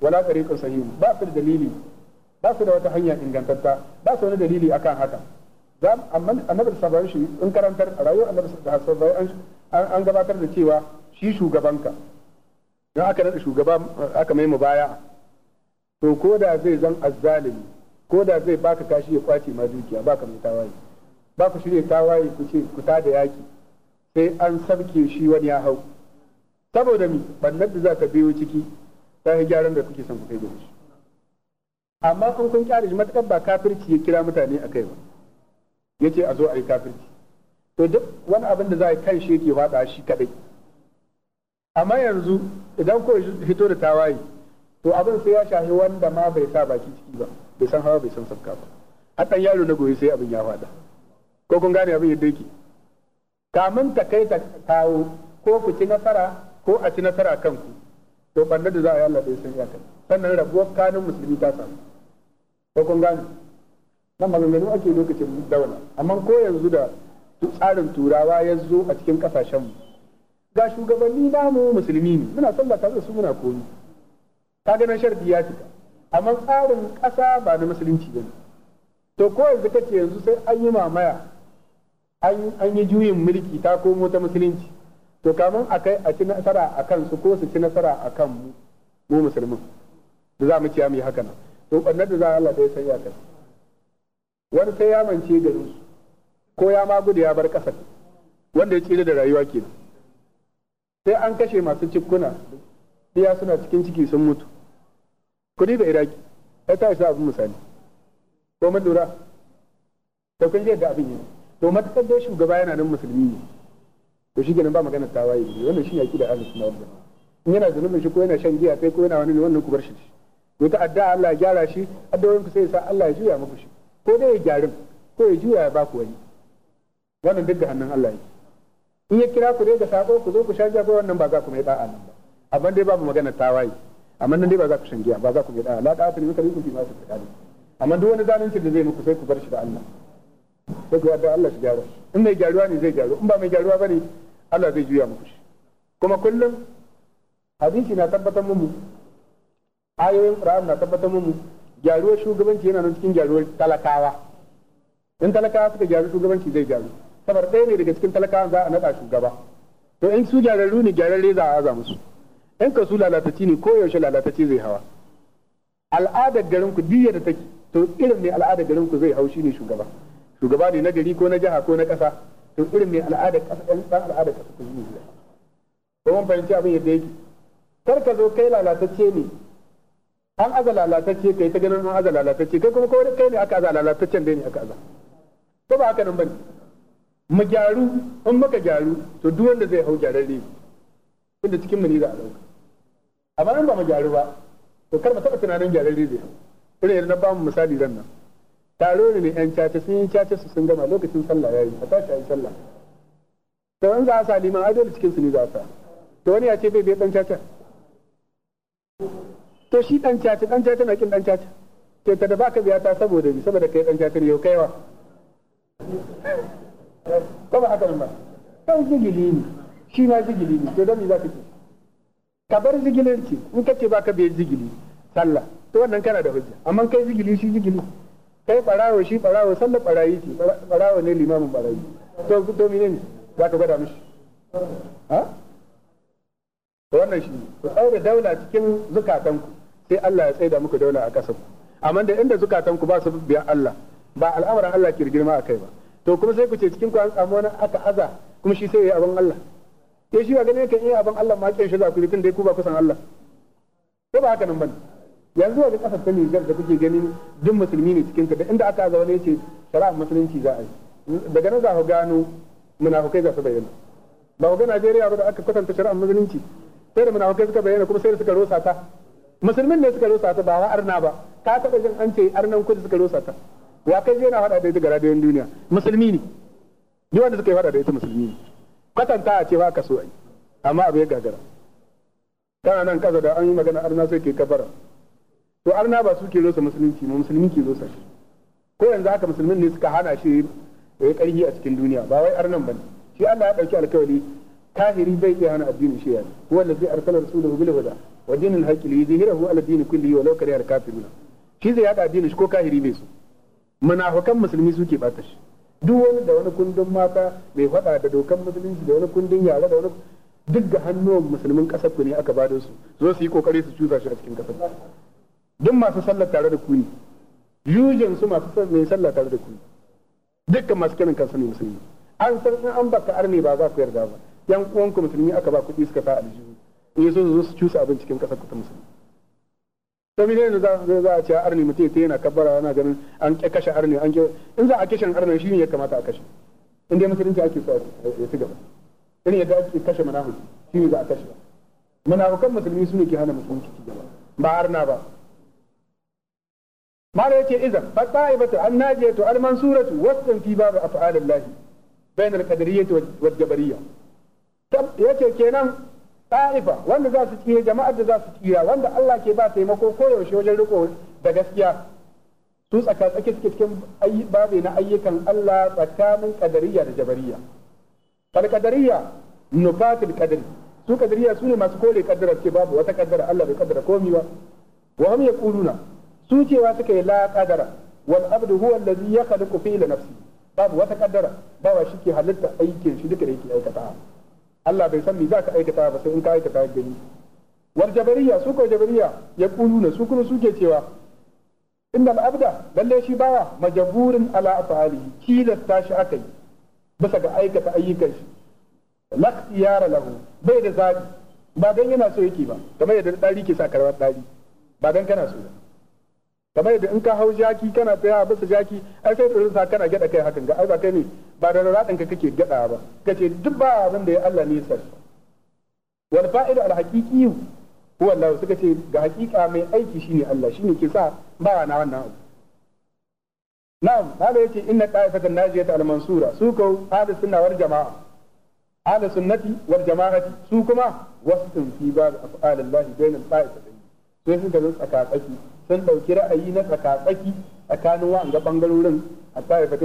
wala tariqun sahih ba su dalili ba su da wata hanya ingantatta ba su wani dalili akan haka za amma annabi sallallahu shi in karantar a rayuwar annabi sallallahu an gabatar da cewa shi shugabanka don aka nada shugaba aka mai baya to ko da zai zan azzalimi ko da zai baka kashi ya kwace ma dukiya baka mai tawaye ba ku shirya tawaye ku ce ku ta da yaki sai an sabke shi wani ya hau saboda mi bannar da za ka biyo ciki ta yi gyaran da kuke son ku kai da shi amma in kun kyara shi matakan ba kafirci ya kira mutane a kai ba ya ce a zo a yi kafirci to duk wani abin da za a yi kan shi yake faɗa shi kaɗai amma yanzu idan ko hito da tawaye to abin sai ya shahi wanda ma bai sa baki ciki ba bai san hawa bai san sabka ba har yaro na goyi sai abin ya faɗa ko kun gane abin yadda yake kamun ta kai ta kawo ko ku ci nasara ko a ci nasara kanku to ɓannar da za a yi Allah ɗaya san iyaka sannan rabuwar kanin musulmi ta samu ko kun gane nan maganganu ake lokacin dauna amma ko yanzu da tsarin turawa ya zo a cikin kasashen mu ga shugabanni ba mu musulmi ne muna son ba tare da su muna komi ka ganin sharbi ya fita amma tsarin ƙasa ba na musulunci ba ne to ko yanzu kace yanzu sai an yi mamaya an yi juyin mulki ta komo ta musulunci to kamar a kai a ci nasara a kansu ko su ci nasara a kan mu mu musulmin da za mu ciya mu yi haka nan to bannar da za Allah bai sai ya kai wani sai ya mance garin su ko ya ma gudu ya bar ƙasa wanda ya tsira da rayuwa ke sai an kashe masu cikkuna iya suna cikin ciki sun mutu kudi da iraki ya ta isa abin misali ko mun lura to kun da abin yi to matakar dai shugaba yana nan musulmi ne to shi ganin ba magana tawaye ne wannan shi yaki da ahlus sunna wal jamaa in yana zunubin shi ko yana shan giya sai ko yana wani ne wannan ku bar shi ku ta adda Allah ya gyara shi addu'o'in ku sai sa Allah ya juya muku shi ko dai ya gyarin ko ya juya ya baku wani wannan duk da hannun Allah yake in ya kira ku dai ga sako ku zo ku sha giya wannan ba za ku mai da'a nan ba amma dai babu magana tawaye amma nan dai ba za ku shan giya ba za ku mai da'a la da'a tuni muka ku fi ma su tsakani amma duk wani zalunci da zai muku sai ku bar shi da Allah sai ku adda Allah shi gyara in mai gyaruwa ne zai gyaru in ba mai gyaruwa bane Allah zai juya muku shi kuma kullum hadisi na tabbatar mu ayoyin Qur'ani na tabbatar mu gyaruwar shugabanci yana nan cikin gyaruwar talakawa in talakawa suka gyaru shugabanci zai gyaru saboda ɗaya ne daga cikin talakawa za a naɗa shugaba to in su gyararru ne gyararre za a aza musu in ka su lalatacci ne ko yaushe lalatacci zai hawa al'adar garin ku diyar da take to irin ne al'adar garin ku zai hau shi ne shugaba shugaba ne na gari ko na jiha ko na ƙasa to irin ne al'adar ƙasa ɗan ɗan al'adar ƙasa ku zuwa ko mun fahimci abin yadda yake kar ka zo kai lalatacce ne an aza lalatacce kai ta ganin an aza lalatacce kai kuma kawai kai ne aka aza lalataccen dai ne aka aza ko ba haka nan bane mu gyaru in muka gyaru to duk wanda zai hau gyararre inda cikin mu ne za a dauka amma in ba mu gyaru ba to kar mu taba tunanin gyararre zai hau irin yadda na ba mu misali ran nan taro ne ne yan caca sun yi caca su sun gama lokacin sallah yayi a tashi ayi sallah to in za a sa liman ai dole cikin su ne za a sa to wani ya ce bai bai dan caca to shi dan caca dan caca na kin dan caca to ta da baka biya ta saboda ni saboda kai dan caca ne yau kaiwa ko ba haka ba kan zigili ne shi ma zigili ne to dan za ka ce ka bar zigilanci in kace baka biya zigili sallah to wannan kana da hujja amma kai zigili shi zigili kai barawo shi barawo sallah barayi ce barawo ne limamin barayi to to mine ne za ka gwada mishi ha wannan shi ku tsaure daula cikin zukatanku sai Allah ya tsaida muku daula a ƙasar ku amma da inda zukatan ku ba su biya Allah ba al'amara Allah ke girma a kai ba to kuma sai ku ce cikin ku an samu wani aka aza kuma shi sai ya abin Allah ya shi ba ganin kan yi abin Allah ma ke shi za ku tun dai ku ba kusan Allah ko ba haka nan bane yanzu wani kasar ta Niger da kuke ganin duk musulmi ne cikin ka da inda aka aza wani yace shari'ar musulunci za a yi daga nan za ku gano munafukai za su bayyana ba ku ga Najeriya ba da aka kwatanta shari'ar musulunci sai da munafukai suka bayyana kuma sai da suka rosa ta musulmin ne suka rusa ta ba arna ba ka taba jin an ce arnan kudu suka rusa ta wa kai zai na faɗa da ita ga radiyon duniya musulmi ne ni wanda suka yi faɗa da ita musulmi ne kwatanta a ce ba ka so ai amma abu ya gagara kana nan kasa da an yi magana arna sai ke kafara to arna ba su ke rusa musulunci mu musulmi ke rusa shi ko yanzu haka musulmin ne suka hana shi ya yi ƙarfi a cikin duniya ba wai arnan ba ne shi Allah ya ɗauki alkawari kafiri bai iya hana addinin shi yana huwa allazi arsala rasulahu bil huda wa dinil haqqi li yuzhirahu ala dini kullihi wa law kariha al kafiruna shi zai yada addinin shi ko Kahiri bai su. munafikan musulmi suke bata shi duk wani da wani kundin mata mai faɗa da dokan musulunci da wani kundin yare da wani duk da hannuwan musulmin ƙasar ku ne aka bada su zo su yi kokari su cusa shi a cikin ƙasar duk masu sallar tare da ku ne yujin su masu mai sallar tare da ku ne dukkan masu kiran kansu ne musulmi an san an baka arne ba za ku yarda ba yan uwanku musulmi aka ba kuɗi suka sa aljihu in yaso su zo su cusa abin cikin ƙasar ta musulmi saboda yanzu za a za a ce arni mutum ta yana kabbara yana ganin an kashe arni an in za a kashe arni shi ne ya kamata a kashe in dai musulunci ake so ya ci gaba irin yadda ake kashe munafiki shi ne za a kashe munafikan musulmi su ne ke hana musulunci ci gaba ba arna ba mala yace idan fa ta'ibatu an najiyatu al mansuratu wasdan fi bab af'alillahi bainal qadariyati wal jabariyyah yace kenan ta'ifa wanda za su tsira jama'ar da za su tsira wanda Allah ke ba taimako koyaushe wajen riko da gaskiya su tsaka tsaki suke cikin na ayyukan Allah tsakanin kadariya da jabariya fal kadariya nufatul kadari su kadariya su ne masu kore kaddara ce babu wata kaddara Allah bai kaddara komai ba wa hum yaquluna su cewa suka yi la qadara wal abdu huwa allazi yakhluqu fi nafsi babu wata kaddara bawa shi ke halitta aikin shi duka da yake aikata Allah bai san me za ka aikata ba sai in ka aikata gani war jabariya su ko jabariya ya kuluna su kuma suke cewa innal abda lalle shi baya majburin ala afalihi kilasta shi akai bisa ga aikata ayyukan shi la ikhtiyara lahu bai da zaɓi ba dan yana so yake ba kamar yadda dari ke sa karwar dari ba dan kana so ba kamar yadda in ka hau jaki kana tsaya bisa jaki ai sai tsoron sa kana gyada kai hakan ga ai ba kai ne ba da raɗin ka kake gaɗa ba kace duk ba abin da ya Allah ne sai wal fa'ida al haqiqi huwa Allah suka ce ga hakika mai aiki shine Allah shine ke sa ba wa na wannan abu na'am hada yace inna na najiyat al mansura su ko hada sunna wal jamaa ahli sunnati wal jamaa'ati su kuma wasu fi bab af'al Allah bayna al qa'ifatayn sai sun tsakatsaki sun ɗauki ra'ayi na tsakatsaki tsakanin wa'anga bangarorin a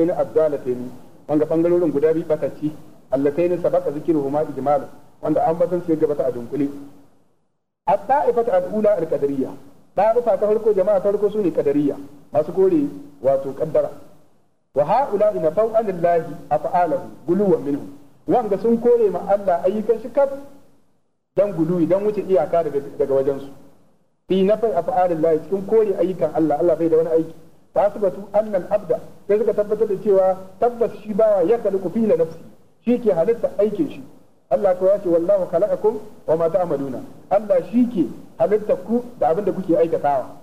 na abdalatayn wanga bangarorin guda biyu batacci allatayn sabaqa zikruhuma ijmalan wanda an batan su gaba ta a dunkule at-ta'ifatu al-ula al-qadariyya da'ifa ta farko jama'a ta farko sune qadariyya masu kore wato kaddara wa ha'ula ina faw'an lillahi af'alahu guluwan minhu wanga sun kore ma Allah ayyukan shi kaf dan guluwi dan wuce iyaka daga wajensu fi nafai af'alillahi cikin kore ayyukan Allah Allah bai da wani aiki fa batu annan abda sai suka tabbatar da cewa tabbas shi bawa ya kalku ku fila nafsi shi ke halitta aikin shi Allah ko ya ce wallahu khalaqakum wa ma ta'maluna Allah shi ke halitta ku da abin da kuke aikatawa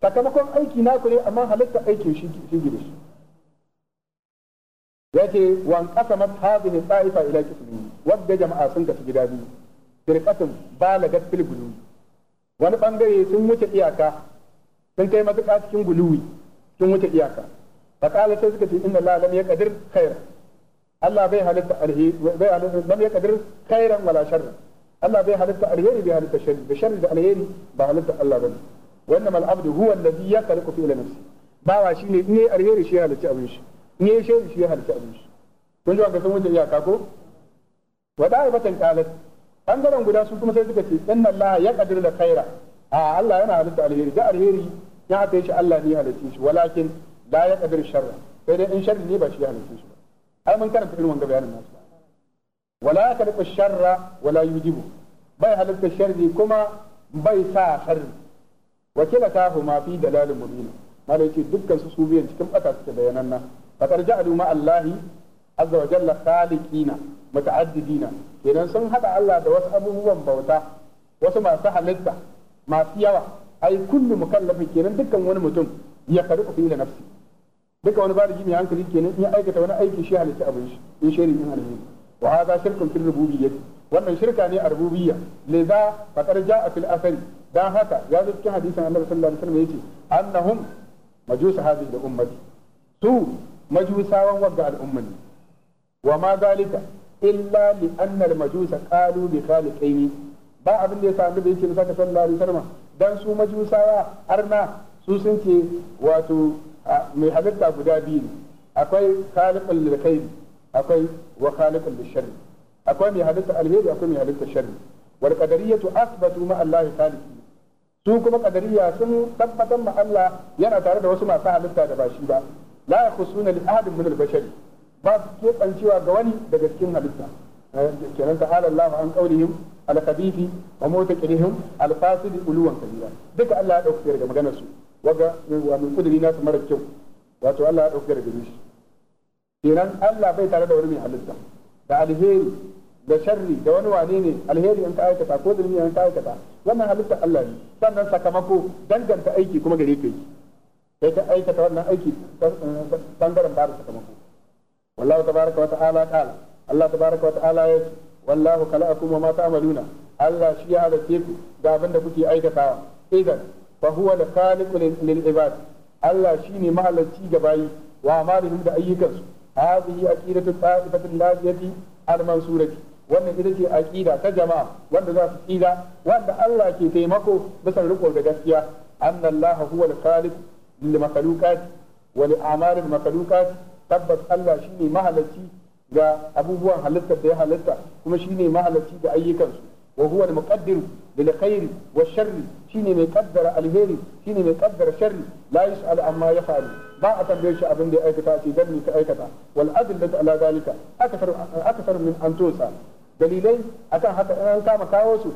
sakamakon aiki na ku ne amma halitta aikin shi shi gida shi yace wa an qasama hadhihi ta'ifa ila qismin wadda jama'a sun kasu gida biyu firqatun balagat fil wani bangare sun wuce iyaka sun kai matuƙa cikin guluwi sun wuce iyaka faqala sai suka ce inna allaha lam yaqdir khairan Allah bai halitta alheri bai halitta lam yaqdir khairan wala sharran Allah bai halitta alheri bai halitta sharri da sharri da alheri ba halitta Allah bane wannan mal abdu huwa alladhi yakhluqu fi nafsi bawa shine in yayi alheri shi ya halitta abin shi in yayi sharri shi ya halitta abin shi kun ji ga sun wuce iyaka ko wada'i batan qalat bangaren guda su kuma sai suka ce inna Allah yaqdir la khaira a Allah yana halitta alheri da alheri ya yi shi Allah ne ya halitta shi walakin la ya qadir sharra sai dai in sharri ne ba shi ya halitta shi ba ai mun karanta irin wanga bayanin nasu wala ya qadir sharra wala yujibu bai halitta sharri kuma bai sa sharri wakila ta huma fi dalalin mubin malaki dukkan su su biyan cikin bata suke bayanan nan faqad ja'alu ma Allahi azza wa jalla khaliqina muta'addidina kenan sun hada Allah da wasu abubuwan bauta wasu masu halitta masu yawa ai kullu mukallafin kenan dukkan wani mutum ya faru ku ila nafsi duka wani baligi mai hankali kenan in aikata wani aiki shi halitta abin shi in shari in alheri wa hadha shirkun fil rububiyyah wannan shirka ne a rububiyya le za faqad jaa fil asari dan haka ya zo cikin hadisin Annabi sallallahu alaihi wasallam yace annahum majus hadhihi da ummati su majusawan wagga al'ummani wa ma zalika illa li anna al majusa qalu bi khaliqaini ba abin da yasa Annabi yake saka sallallahu alaihi wasallam dan su majusawa arna su sun ce wato mai halitta guda biyu ne akwai khaliqul lil akwai wa khaliqul lil akwai mai halitta alheri akwai mai halitta sharri wal qadariyatu asbatu ma Allah khaliqi su kuma qadariya sun tabbatar ma Allah yana tare da wasu masu halitta da ba shi ba la yakhusuna li ahadin min al bashari ba su ga wani daga cikin halitta kenan ta'ala Allah an qaulihim al-khabithi wa mutaqilihim al-fasid uluwan kabira duka Allah ya dauke daga maganar su waga wa min kudri nasu mara kyau wato Allah ya dauke daga shi kenan Allah bai tare da wani mai halitta da alheri da sharri da wani wane ne alheri an ka aikata ko zulmi in ka aikata wannan halitta Allah ne sannan sakamako danganta aiki kuma gare ka yi sai ka aikata wannan aiki bangaren ba da sakamako wallahu tabaraka wa ta'ala qala Allah tabaraka wa ta'ala ya ce wallahu khalaqakum wa ma ta'maluna Allah shi ya halitte ku ga abin da kuke aikatawa idan fa huwa al-khaliqu lil ibad Allah ne mahalarci ga bayi wa amalihim da ayyukansu hadhihi aqidatu ta'ifatin najiyati al-mansurati wannan ita ce aqida ta jama'a wanda za su tsira wanda Allah ke taimako bisa riko da gaskiya anna Allah huwa al-khaliq lil makhluqat wa li a'malil makhluqat tabbas Allah shine mahalarci ga abubuwan halitta da ya halitta kuma shine mahalarci da ayyukansu wa huwa al-muqaddir lil khairi wa sharri shine mai kaddara alheri shine mai kaddara sharri la yus'al amma yaf'al ba a tambaye shi abin da ya aikata shi dan ka aikata wal adillatu ala dalika akthar akthar min an tusa dalilai akan haka an kama kawo su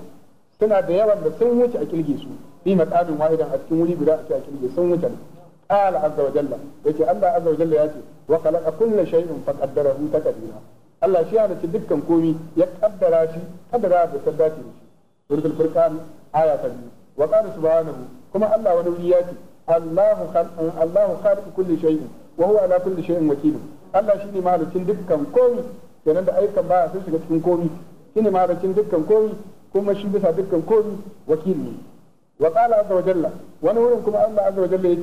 suna da yawan da sun wuce a kilge su bi maqadin wahidan a cikin wuri guda a cikin kilge sun wuce قال عز وجل يتي الله عز وجل ياتي وخلق كل شيء فقدره تقديرا Allah shi ya nace dukkan komi ya kaddara shi kaddara da ta dace da shi suratul furqan aya ta biyu wa qala subhanahu kuma Allah wani wuri ya ce Allahu kulli shay'in wa huwa kulli shay'in wakil Allah shine mahalicin dukkan komi kenan da ayyukan baya sun shiga cikin komi shine mahalicin dukkan komi kuma shi bisa dukkan komi wakil ne wa jalla wani wurin kuma Allah azza jalla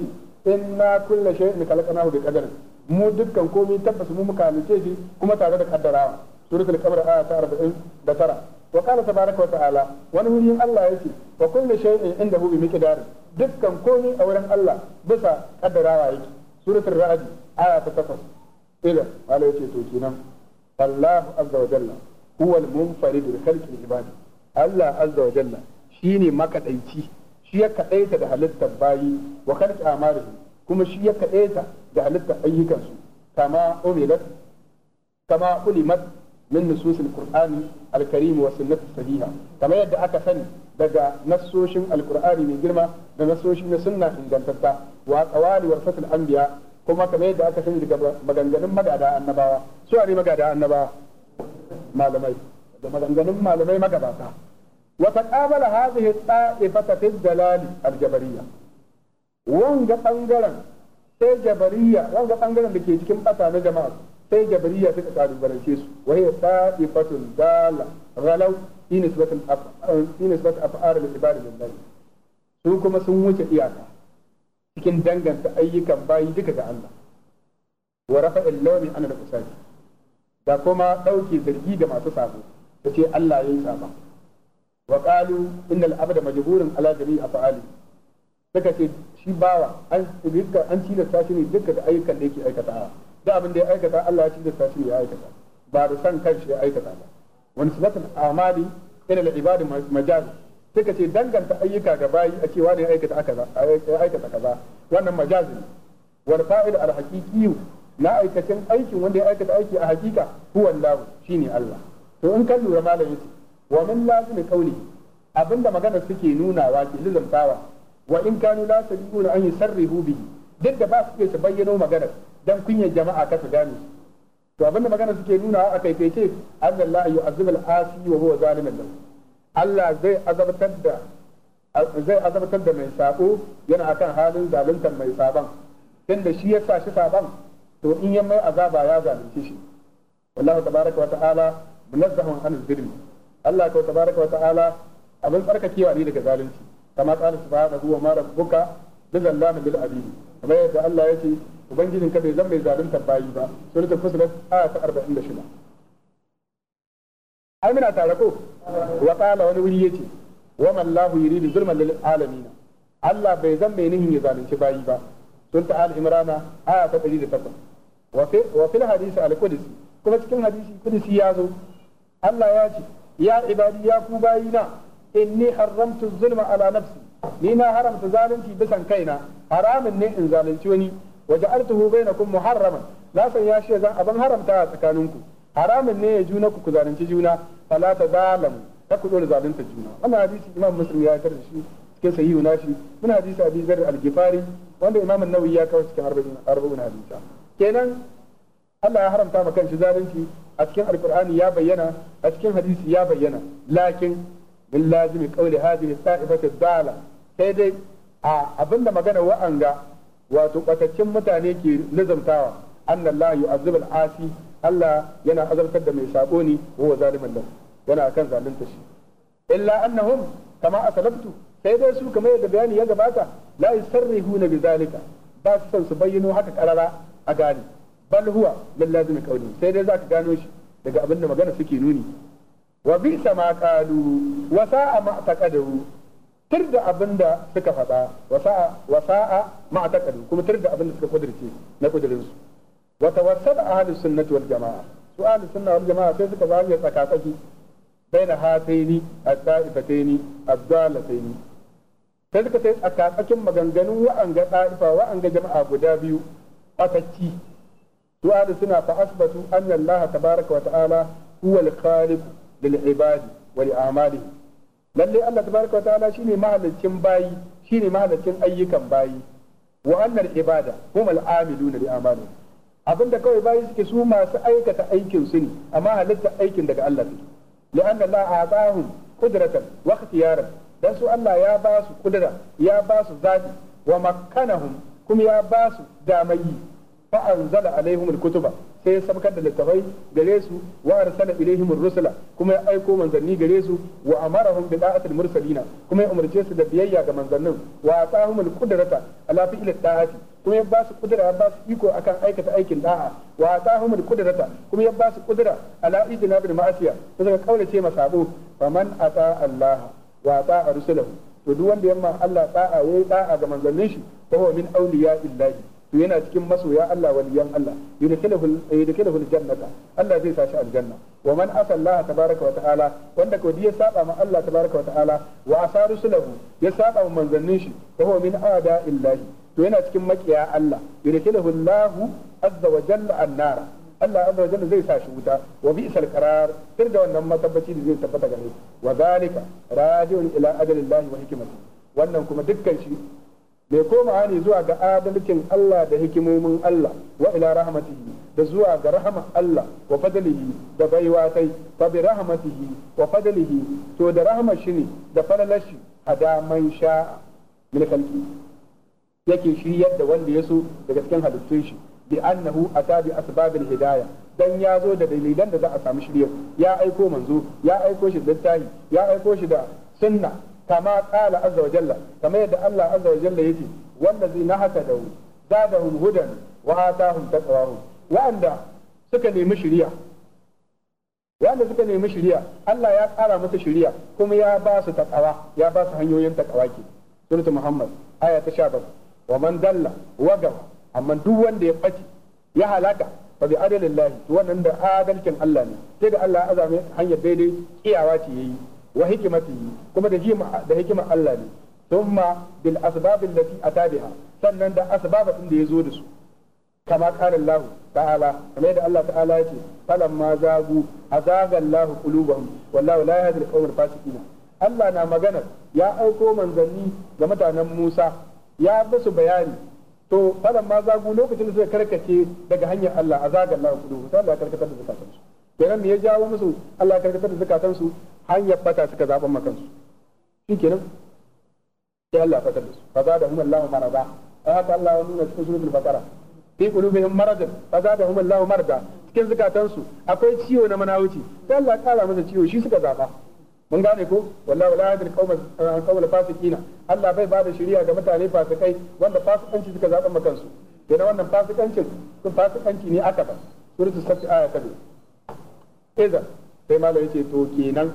inna kulla shay'in khalaqnahu bi qadarin mu dukkan komai tabbas mu muka halice shi kuma tare da kaddarawa suratul qamar aya ta 40 da tara wa qala tabaraka wa ta'ala wani wurin Allah yake wa kullu shay'in indahu bi miqdar dukkan komai a wurin Allah bisa kaddarawa yake suratul ra'd aya ta 8 ila wala yake to kenan Allah azza wa jalla huwa al-munfarid bi khalqi al-ibad Allah azza wa jalla shine makadaici shi ya kaɗaita da halittar bayi wa khalqi amalihim kuma shi ya kaɗaita da halittar ayyukansu kama umilat kama ulimat min nususil qur'ani al-karim wa sunnati sahiha kamar yadda aka sani daga nassoshin alqur'ani mai girma da nassoshin na sunna ingantatta wa qawali warfatul anbiya kuma kama yadda aka sani daga maganganun magada annabawa su ne magada annabawa malamai da maganganun malamai magabata وتقابل هذه الطائفة في الدلال الجبرية wanga ɓangaren sai jabariya wanga ɓangaren da ke cikin ƙasa na jama'a sai jabariya ta ka kalubalance su wa ya ta ifatun dala ghalau ina su bata fa'ara da ibada da su kuma sun wuce iyaka cikin danganta ayyukan bayi duka da Allah wa rafa illawmi ana da kusaci da kuma ɗauke zargi da masu sabo da ce Allah ya yi sabo wa qalu innal abda majburun ala jami'i af'ali suka ce shi bawa an rika an tilasta shi ne dukkan ayyukan da yake aikata da abin da ya aikata Allah ya tilasta shi ya aikata ba da san kanshi ya aikata ba wani sifatul amali ila al-ibad majaz suka ce danganta ayyuka ga bayi a cewa ne aikata kaza aikata kaza wannan majaz ne wal fa'il al-haqiqi na aikacin aikin wanda ya aikata aiki a hakika huwa Allah shine Allah to in kan lura malamin wa min lazim kauli abinda magana suke nunawa ke lizamtawa wa in kanu la tabiuna an yusarrihu bihi duk da ba su su bayyano magana dan kunya jama'a ka su gane to abinda magana suke nunawa a kai fece Allah yu'azzibul asi wa huwa zalimin Allah zai azabtar da zai azabtar da mai sako yana akan halin zaluntar mai saban tunda shi ya sa shi saban to in ya mai azaba ya zalunci shi wallahu tabaraka wa ta'ala munazzahun an zulmi Allah ko tabaraka wa ta'ala abin tsarkakewa ne daga zalunci kama qala subhanahu wa ma rabbuka bizallama bil abid kamar yadda Allah ya ce ubangijin ka bai zan mai zalunta bayi ba suratul fusilat aya ta 46 ai muna tare ko wa qala wani wuri yace wa man lahu yuridu zulman lil alamin Allah bai zan mai nihin ya zalunci bayi ba suratul al-imrana aya ta 108 wa fil hadisi al-qudsi kuma cikin hadisi qudsi ya zo Allah ya ce ya ibadi ya ku bayina inni haramtu zulma ala nafsi ni na haramta zalunci bisan kaina haramin ne in zalunci wani waja'altuhu bainakum muharraman na san ya shi zan abin haramta a tsakaninku haramin ne ya juna ku ku zalunci juna fala ta zalam ta ku dole zalunta juna wannan hadisi imam muslim ya tarda shi cikin sahihu nashi muna hadisi abi zar al-gifari wanda imamin an-nawawi ya kawo cikin 40 hadisa kenan Allah ya haramta ma kanshi zalunci a cikin alkur'ani ya bayyana a cikin hadisi ya bayyana lakin min lazimi qawli hadhihi sa'ifatu dala sai dai a abinda magana wa'anga wato kwataccen mutane ke nizamtawa annallahu yu'azzibu asi Allah yana azabtar da mai saɓo ne wa zalimin lahu yana kan zalunta shi illa annahum kama asalabtu sai dai su kamar yadda bayani ya gabata la yusarrihuna bi zalika ba su son su bayyano haka karara a gane bal huwa min lazim qawli sai dai zaka gano shi daga abin da magana suke nuni wa bi ma qalu wa sa'a ma taqadu tir da abin da suka faɗa wa sa'a wa sa'a ma taqadu kuma tir da abin da suka kudirce na kudirin su wa tawassal ahlus sunnati wal jamaa su ahlus sunna wal jamaa sai suka zage tsakatsaki baina hataini as-sa'ifataini az-zalataini sai suka sai tsakatsakin maganganun wa'anga da'ifa wa'anga jama'a guda biyu fatacci su ahli suna fa asbatu anna Allah tabaraka wa ta'ala huwa al ibadi wa li a'malihi Allah tabaraka wa shine mahalicin bayi shine mahalicin ayyukan bayi wa ibada hum al-amiluna li a'malihim abinda kawai bayi suke su masu aikata aikin su ne amma halitta aikin daga Allah take li'anna Allah a'tahum qudratan wa ikhtiyaran dan su Allah ya ba su kudura ya ba su zabi wa makkanahum kuma ya ba su yi. fa anzala alaihim alkutuba sai ya sabkar da littafai gare su wa arsala ilaihim rusula kuma ya aiko manzanni gare su wa amarahum bi da'atil mursalina kuma ya umarce su da biyayya ga manzannin wa atahum alqudrata ala fi'l da'ati kuma ya ba su kudura ba su iko akan aikata aikin da'a wa atahum alqudrata kuma ya ba su kudura ala ijnabil ma'asiya to daga kaulace masabo faman ata Allah wa ata rusulahu to duk wanda yamma Allah da'a wai da'a ga manzannin shi fa huwa min awliya illahi to yana cikin masoya Allah waliyan Allah yudkhiluhu yudkhiluhu aljannata Allah zai sa shi aljanna wa man asa Allah tabaaraka wa ta'ala wanda ko ya saba ma Allah tabaaraka wa ta'ala wa asaru sulahu ya saba ma manzannin shi fa huwa min aada illahi to yana cikin makiya Allah yudkhiluhu Allah azza wa jalla annara Allah azza wa jalla zai sa shi wuta wa bi'sal qarar tir da wannan matabbaci da zai tabbata gare wa zalika raji'un ila ajalillahi wa hikmatihi wannan kuma dukkan shi mai koma ne zuwa ga adalcin Allah da hikimomin Allah wa ila rahmatihi da zuwa ga rahama Allah wa fadlihi da baiwa kai fa bi rahmatihi wa fadlihi to da rahama shi ne da falalar shi hada man sha min yake shiryar yadda wanda ya so daga cikin halittun shi bi annahu ata bi asbabil hidayah dan ya zo da dalilan da za a samu shirya ya aiko manzo ya aiko shi littafi ya aiko shi da sunna kama qala yadda Allah jalla yake wallazina hatadahu zadahum hudan wa atahum taqwahum wa'anda suka nemi shiriya wanda suka nemi shiriya Allah ya tsara musu shiriya kuma ya ba su taqawa ya ba su hanyoyin taqawa ke suratul muhammad aya ta 17 wa man dalla wa gawa amma duk wanda ya bace ya halaka fa adalillahi to wannan da Allah ne sai da Allah azame hanyar daidai iyawa ce yayi wa hikimatihi kuma da jima da hikima Allah ne thumma bil asbab allati ata biha sannan da asbabin da zo da su kama qala Allah ta'ala kamar da Allah ta'ala yake falan ma zagu azaga Allah qulubahum wallahu la yahdi al-qawm al-fasiqin Allah na magana ya aiko manzanni ga mutanen Musa ya basu bayani to falan ma zagu lokacin da suka karkace daga hanyar Allah azaga Allah da kenan ne ya jawo musu Allah ya karkatar da zakatan su hanyar bata suka zaban makansu kenan sai Allah ya fatar da su fa za da hum Allahu marada haka Allah ya nuna cikin suratul fatara fi qulubihim marad fa za da Allahu marada cikin zakatan su akwai ciwo na manawuci sai Allah ya kara masa ciwo shi suka zaba mun gane ko wallahi la yadri qawla eh, fasiqina Allah bai bada shari'a ga mutane fasikai wanda fasikanci suka zaban makansu kenan wannan fasikancin sun fasikanci ne aka ba suratul safi aya ta idan sai malam yace to kenan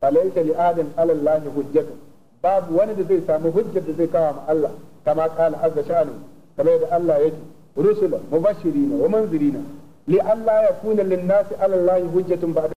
falaita li adin alallahi hujjatu babu wani da zai samu hujjar da zai kawo ma Allah kama qala azza sha'anu kamar da Allah yake rusula mubashirina wa munzirina li alla yakuna lin nasi alallahi hujjatun ba'da